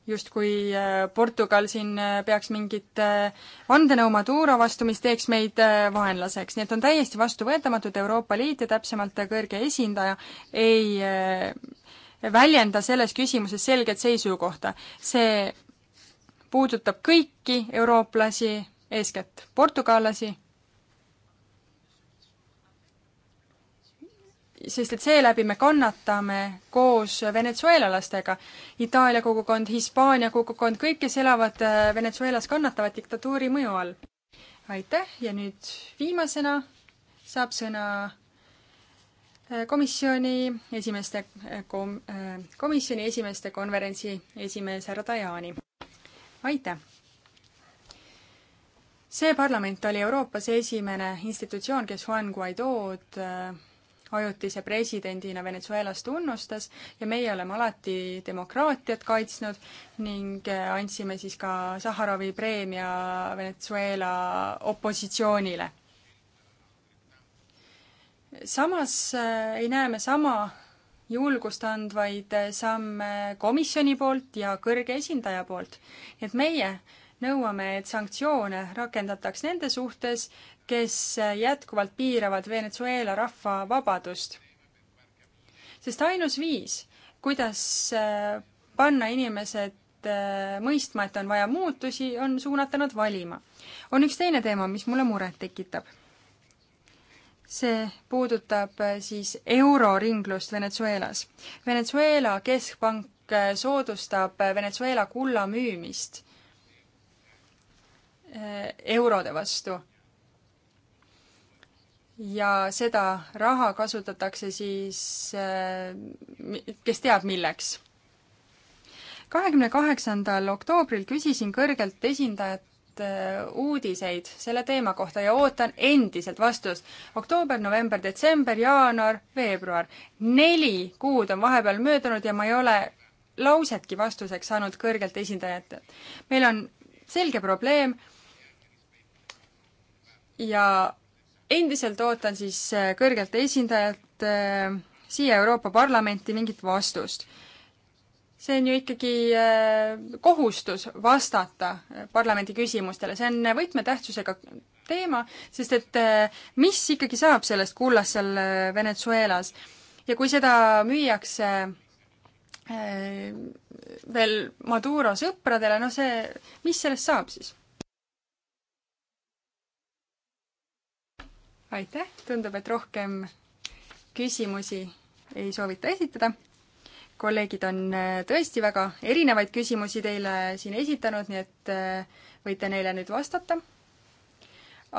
justkui äh, Portugal siin äh, peaks mingit äh, vandenõu Maduro vastu, mis teeks meid vaenlaseks, nii et on täiesti vastuvõetamatu, et Euroopa Liit ja täpsemalt kõrge esindaja ei väljenda selles küsimuses selget seisukohta. see puudutab kõiki eurooplasi, eeskätt portugallasi sest et seeläbi me kannatame koos venezuelalastega. Itaalia kogukond, Hispaania kogukond, kõik, kes elavad äh, Venezuelas, kannatavad diktatuuri mõju all. aitäh ja nüüd viimasena saab sõna äh, komisjoni esimeeste äh, kom,, komisjoni esimeeste konverentsi esimees härra Tajani. aitäh! see parlament oli Euroopas esimene institutsioon, kes Juan Guaidood ajutise presidendina Venezuelas tunnustas ja meie oleme alati demokraatiat kaitsnud ning äh, andsime siis ka Saharovi preemia Venezuela opositsioonile. samas äh, ei näe me sama julgust andvaid äh, samme komisjoni poolt ja kõrge esindaja poolt. et meie nõuame, et sanktsioone rakendataks nende suhtes, kes jätkuvalt piiravad Venezuela rahva vabadust. sest ainus viis, kuidas äh, panna inimesed äh, mõistma, et on vaja muutusi, on suunata nad valima. on üks teine teema, mis mulle muret tekitab. see puudutab äh, siis euroringlust Venezuelas. Venezuela keskpank soodustab Venezuela kulla müümist eurode vastu ja seda raha kasutatakse siis, äh, kes teab, milleks. kahekümne kaheksandal oktoobril küsisin kõrgelt esindajat äh, uudiseid selle teema kohta ja ootan endiselt vastust. oktoober, november, detsember, jaanuar, veebruar. neli kuud on vahepeal möödunud ja ma ei ole lausetki vastuseks saanud kõrgelt esindajatelt. meil on selge probleem ja endiselt ootan siis äh, kõrgelt esindajalt äh, siia Euroopa Parlamenti mingit vastust. see on ju ikkagi äh, kohustus vastata parlamendi küsimustele, see on võtmetähtsusega teema, sest et mis ikkagi saab sellest kullast seal Venezuelas ja kui seda müüakse veel Maduro sõpradele, no see, mis sellest saab siis? aitäh, tundub, et rohkem küsimusi ei soovita esitada. kolleegid on äh, tõesti väga erinevaid küsimusi teile siin esitanud, nii et äh, võite neile nüüd vastata.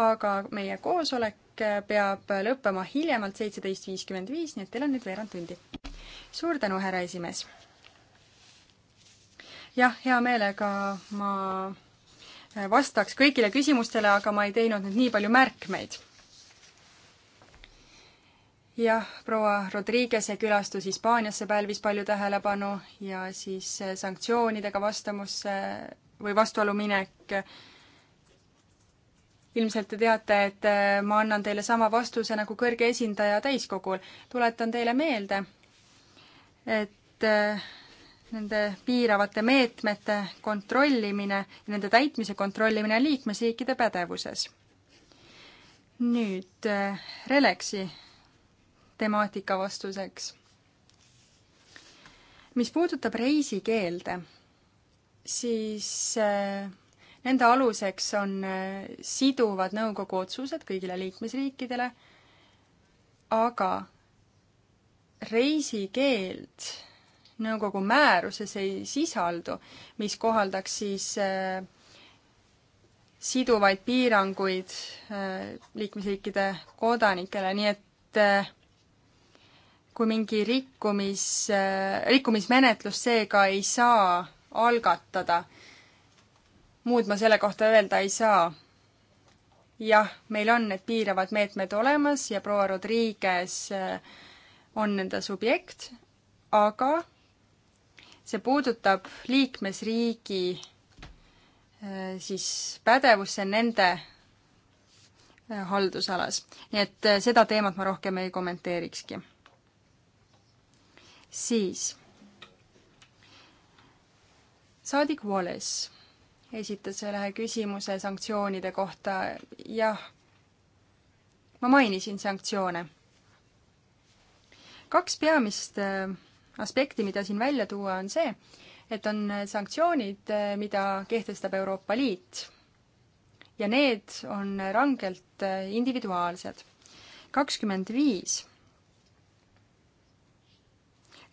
aga meie koosolek äh, peab lõppema hiljemalt seitseteist viiskümmend viis, nii et teil on nüüd veerand tundi. suur tänu, härra esimees! jah, hea meelega ma vastaks kõigile küsimustele, aga ma ei teinud nüüd nii palju märkmeid jah, proua Rodriguez'e külastus Hispaaniasse pälvis palju tähelepanu ja siis eh, sanktsioonidega vastamusse või vastuolu minek. ilmselt te teate, et eh, ma annan teile sama vastuse nagu kõrge esindaja täiskogul. tuletan teile meelde, et eh, nende piiravate meetmete kontrollimine, nende täitmise kontrollimine on liikmesriikide pädevuses. nüüd Relexi temaatika vastuseks. mis puudutab reisikeelde, siis äh, nende aluseks on äh, siduvad nõukogu otsused kõigile liikmesriikidele, aga reisikeeld nõukogu määruses ei sisaldu, mis kohaldaks siis äh, siduvaid piiranguid liikmesriikide kodanikele, nii et kui mingi rikkumis, rikkumismenetlus seega ei saa algatada. muud ma selle kohta öelda ei saa. jah, meil on need piiravad meetmed olemas ja proua Rodriguez eh, on nende subjekt, aga see puudutab liikmesriigi eh, siis pädevusse nende eh, haldusalas. nii et seda teemat ma rohkem ei kommenteerikski siis saadik Wallace esitas selle küsimuse sanktsioonide kohta. jah, ma mainisin sanktsioone. kaks peamist äh, aspekti, mida siin välja tuua, on see, et on äh, sanktsioonid, äh, mida kehtestab Euroopa Liit. ja need on rangelt individuaalsed. kakskümmend viis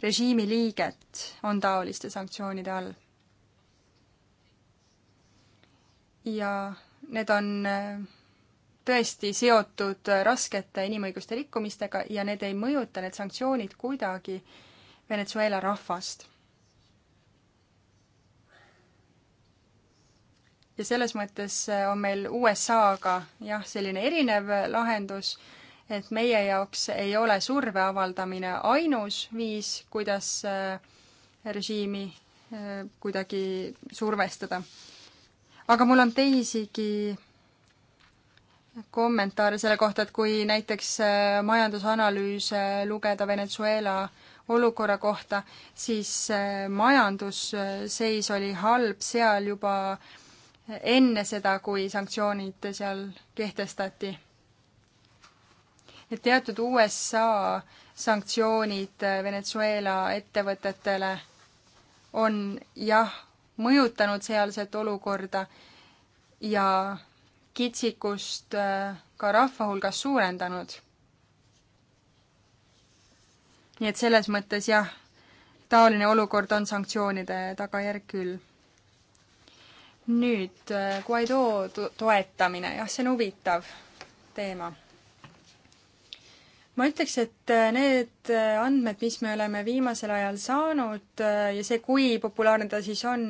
režiimi liiget on taoliste sanktsioonide all. ja need on äh, tõesti seotud raskete inimõiguste rikkumistega ja need ei mõjuta, need sanktsioonid kuidagi Venezuela rahvast. ja selles mõttes äh, on meil USA-ga jah, selline erinev lahendus et meie jaoks ei ole surve avaldamine ainus viis, kuidas äh, režiimi äh, kuidagi survestada. aga mul on teisigi kommentaare selle kohta, et kui näiteks äh, majandusanalüüse lugeda Venezuela olukorra kohta, siis majandusseis oli halb seal juba enne seda, kui sanktsioonid seal kehtestati teatud USA sanktsioonid äh, Venezuela ettevõtetele on jah, mõjutanud sealset olukorda ja kitsikust äh, ka rahva hulgas suurendanud. nii et selles mõttes jah, taoline olukord on sanktsioonide tagajärg küll. nüüd äh, Guaido toetamine, jah, see on huvitav teema ma ütleks, et äh, need äh, andmed, mis me oleme viimasel ajal saanud äh, ja see, kui populaarne ta siis on,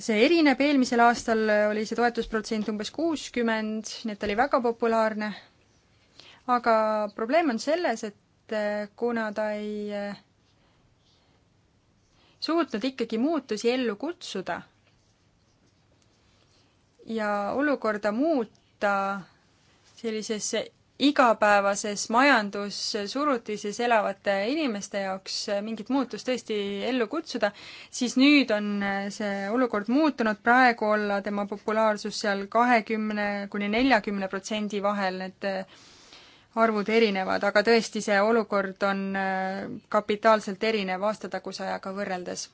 see erineb, eelmisel aastal oli see toetusprotsent umbes kuuskümmend, nii et ta oli väga populaarne. aga probleem on selles, et kuna ta ei suutnud ikkagi muutusi ellu kutsuda ja olukorda muuta sellisesse igapäevases majandussurutises elavate inimeste jaoks äh, mingit muutust tõesti ellu kutsuda, siis nüüd on äh, see olukord muutunud, praegu olla tema populaarsus seal kahekümne kuni neljakümne protsendi vahel, need äh, arvud erinevad, aga tõesti, see olukord on kapitaalselt erinev aastataguse ajaga võrreldes.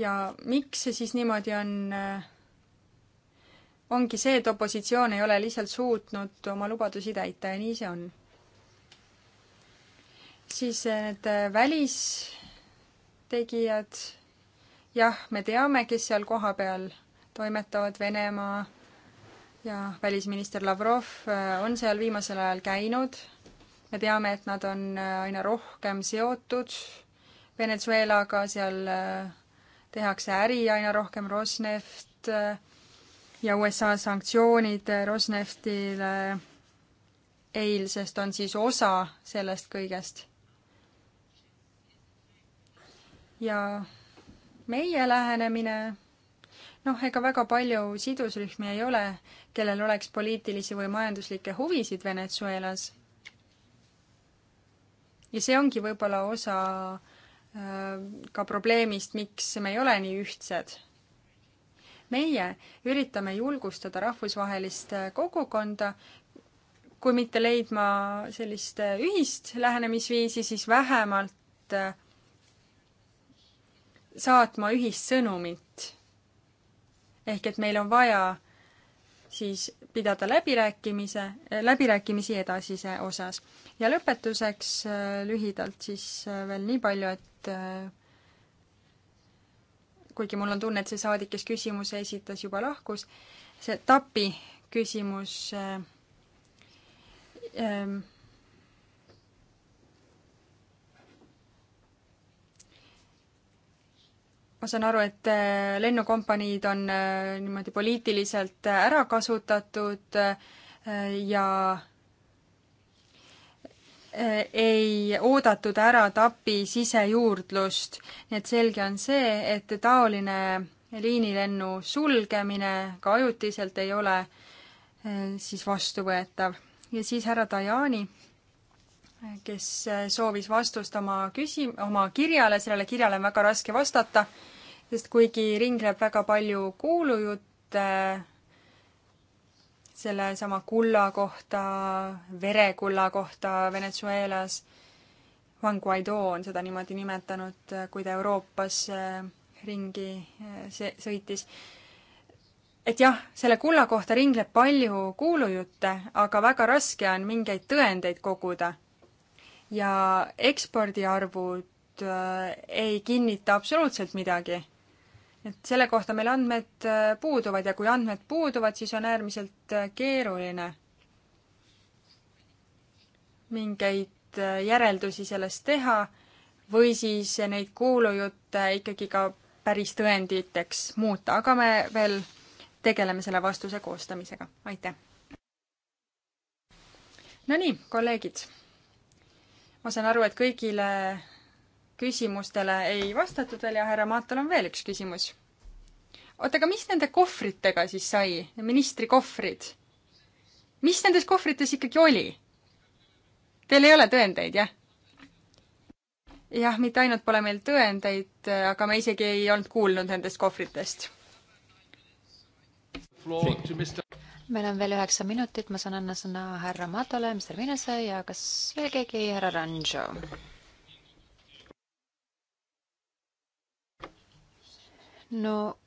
ja miks see siis niimoodi on äh, ongi see, et opositsioon ei ole lihtsalt suutnud oma lubadusi täita ja nii see on. siis eh, need eh, välistegijad, jah, me teame, kes seal kohapeal toimetavad, Venemaa ja välisminister Lavrov eh, on seal viimasel ajal käinud. me teame, et nad on aina rohkem seotud Venezuelaga, seal tehakse äri aina rohkem, Rosneft ja USA sanktsioonid Rosneftile eilsest on siis osa sellest kõigest. ja meie lähenemine, noh, ega väga palju sidusrühmi ei ole, kellel oleks poliitilisi või majanduslikke huvisid Venezuelas. ja see ongi võib-olla osa äh, ka probleemist, miks me ei ole nii ühtsed meie üritame julgustada rahvusvahelist äh, kogukonda, kui mitte leidma sellist äh, ühist lähenemisviisi, siis vähemalt äh, saatma ühist sõnumit. ehk et meil on vaja siis pidada läbirääkimise, läbirääkimisi edasise osas. ja lõpetuseks lühidalt siis veel nii palju, et kuigi mul on tunne, et see saadik, kes küsimuse esitas, juba lahkus, see TAPi küsimus äh,. Äh, ma saan aru, et äh, lennukompaniid on äh, niimoodi poliitiliselt ära kasutatud äh, ja Äh, ei oodatud ära TAPi sisejuurdlust. nii et selge on see, et taoline liinilennu sulgemine ka ajutiselt ei ole äh, siis vastuvõetav. ja siis härra Dajani, äh, kes soovis vastust oma küsi-, oma kirjale, sellele kirjale on väga raske vastata, sest kuigi ringleb väga palju kuulujutte sellesama kulla kohta, verekulla kohta Venezuelas. Juan Guaido on seda niimoodi nimetanud, kui ta Euroopas eh, ringi eh, sõitis. et jah, selle kulla kohta ringleb palju kuulujutte, aga väga raske on mingeid tõendeid koguda. ja ekspordiarvud eh, ei kinnita absoluutselt midagi et selle kohta meil andmed äh, puuduvad ja kui andmed puuduvad, siis on äärmiselt äh, keeruline mingeid äh, järeldusi sellest teha või siis neid kuulujutte ikkagi ka päris tõenditeks muuta, aga me veel tegeleme selle vastuse koostamisega, aitäh! Nonii, kolleegid, ma saan aru, et kõigile küsimustele ei vastatud veel ja härra Maatal on veel üks küsimus. oota, aga mis nende kohvritega siis sai, ministri kohvrid? mis nendes kohvrites ikkagi oli? Teil ei ole tõendeid, jah? jah, mitte ainult pole meil tõendeid, aga me isegi ei olnud kuulnud nendest kohvritest. meil on veel üheksa minutit, ma saan anda sõna härra Matole, Mr Vinese ja kas veel keegi, härra Ranjo? no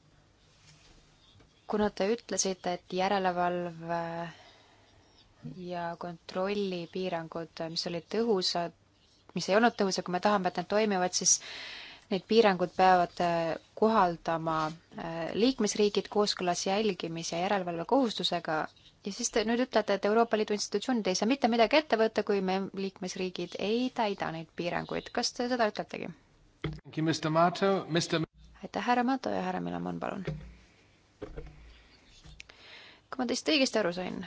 kuna te ütlesite, et järelevalve ja kontrollipiirangud, mis olid tõhusad, mis ei olnud tõhusad, kui me tahame, et nad toimivad, siis neid piirangud peavad äh, kohaldama äh, liikmesriigid kooskõlas jälgimis- ja järelevalvekohustusega ja siis te nüüd ütlete, et Euroopa Liidu institutsioonid ei saa mitte midagi ette võtta, kui me liikmesriigid ei täida neid piiranguid. kas te seda ütletegi? aitäh, härra Mato ja härra Milamon, palun. kui ma teist õigesti aru sain,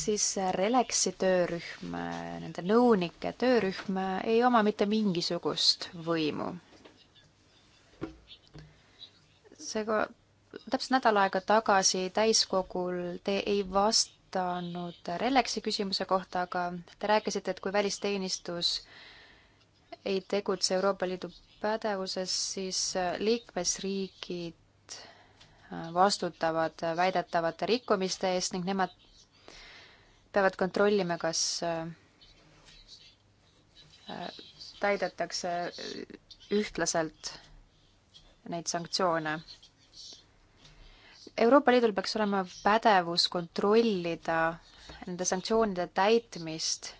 siis Relexi töörühm, nende nõunike töörühm ei oma mitte mingisugust võimu. seega täpselt nädal aega tagasi täiskogul te ei vastanud Relexi küsimuse kohta, aga te rääkisite, et kui välisteenistus äh, ei tegutse Euroopa Liidu pädevuses, siis äh, liikmesriigid äh, vastutavad äh, väidetavate rikkumiste eest ning nemad peavad kontrollima, kas täidetakse ühtlaselt neid sanktsioone. Euroopa Liidul peaks olema pädevus kontrollida nende sanktsioonide täitmist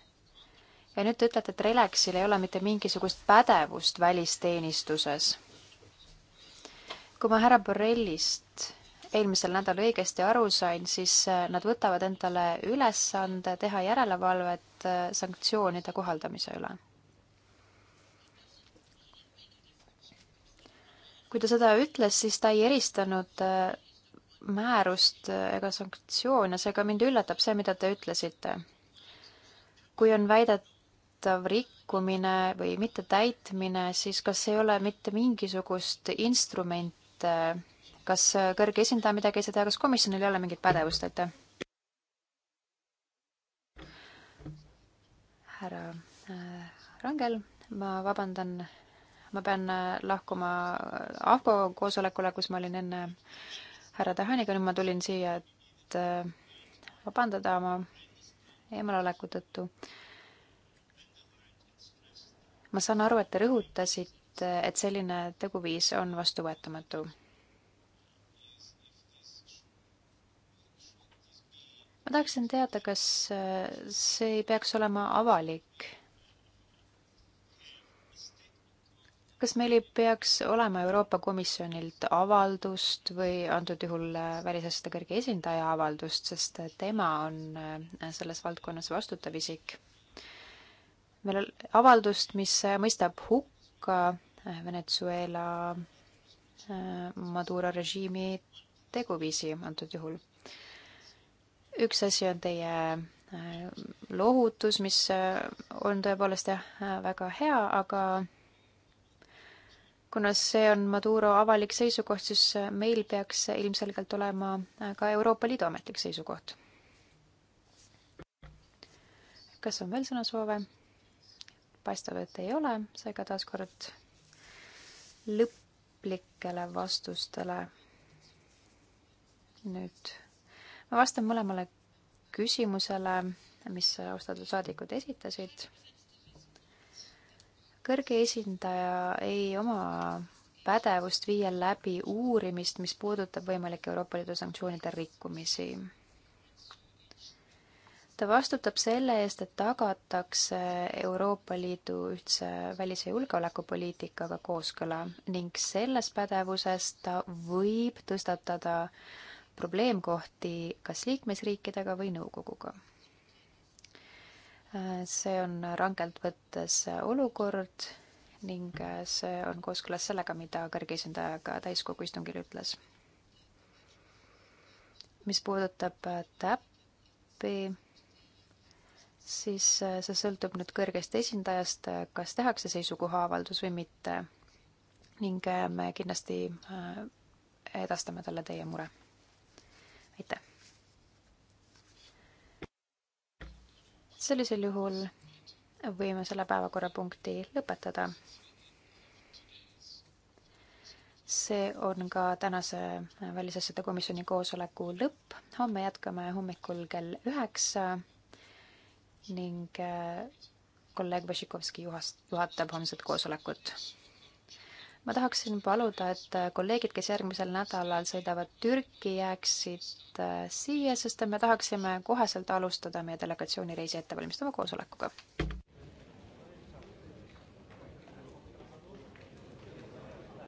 ja nüüd te ütlete, et Relexil ei ole mitte mingisugust pädevust välisteenistuses. kui ma härra Borrellist eelmisel nädalal õigesti aru sain, siis äh, nad võtavad endale ülesande teha järelevalvet äh, sanktsioonide kohaldamise üle. kui ta seda ütles, siis ta ei eristanud äh, määrust ega sanktsioone, seega mind üllatab see, mida te ütlesite. kui on väidet, teatav rikkumine või mittetäitmine, siis kas ei ole mitte mingisugust instrumente, äh, kas kõrge esindaja midagi ei saa teha, kas komisjonil ei ole mingit pädevust, aitäh? härra äh, Rangel, ma vabandan, ma pean äh, lahkuma AFCO koosolekule, kus ma olin enne härra Tahaniga, nüüd ma tulin siia, et vabandada oma eemaloleku tõttu ma saan aru, et te rõhutasite, et selline teguviis on vastuvõetamatu. ma tahaksin teada, kas äh, see ei peaks olema avalik? kas meil ei peaks olema Euroopa Komisjonilt avaldust või antud juhul äh, välisasjade kõrge esindaja avaldust, sest äh, tema on selles valdkonnas vastutav isik meil avaldust, mis mõistab hukka äh, Venezuela äh, Maduro režiimi teguviisi antud juhul. üks asi on teie äh, lohutus, mis on tõepoolest jah, väga hea, aga kuna see on Maduro avalik seisukoht, siis meil peaks ilmselgelt olema ka Euroopa Liidu ametlik seisukoht. kas on veel sõnasoove? paistab, et ei ole, seega taaskord lõplikele vastustele. nüüd ma vastan mõlemale küsimusele, mis austatud saadikud esitasid. kõrge esindaja ei oma pädevust viia läbi uurimist, mis puudutab võimalikke Euroopa Liidu sanktsioonide rikkumisi ta vastutab selle eest, et tagatakse Euroopa Liidu ühtse välis- ja julgeolekupoliitikaga kooskõla ning selles pädevuses ta võib tõstatada probleemkohti kas liikmesriikidega või nõukoguga. see on rangelt võttes olukord ning see on kooskõlas sellega, mida kõrge esindaja ka täiskogu istungil ütles. mis puudutab täppi, siis äh, see sõltub nüüd kõrgest esindajast, äh, kas tehakse seisukohaavaldus või mitte. ning äh, me kindlasti edastame talle teie mure. aitäh! sellisel juhul võime selle päevakorrapunkti lõpetada. see on ka tänase Välisasjade Komisjoni koosoleku lõpp. homme jätkame hommikul kell üheksa ning äh, kolleeg Vašikovski juhast, juhatab homset koosolekut. ma tahaksin paluda, et äh, kolleegid, kes järgmisel nädalal sõidavad Türki, jääksid äh, siia, sest me tahaksime koheselt alustada meie delegatsiooni reisi ettevalmistava koosolekuga.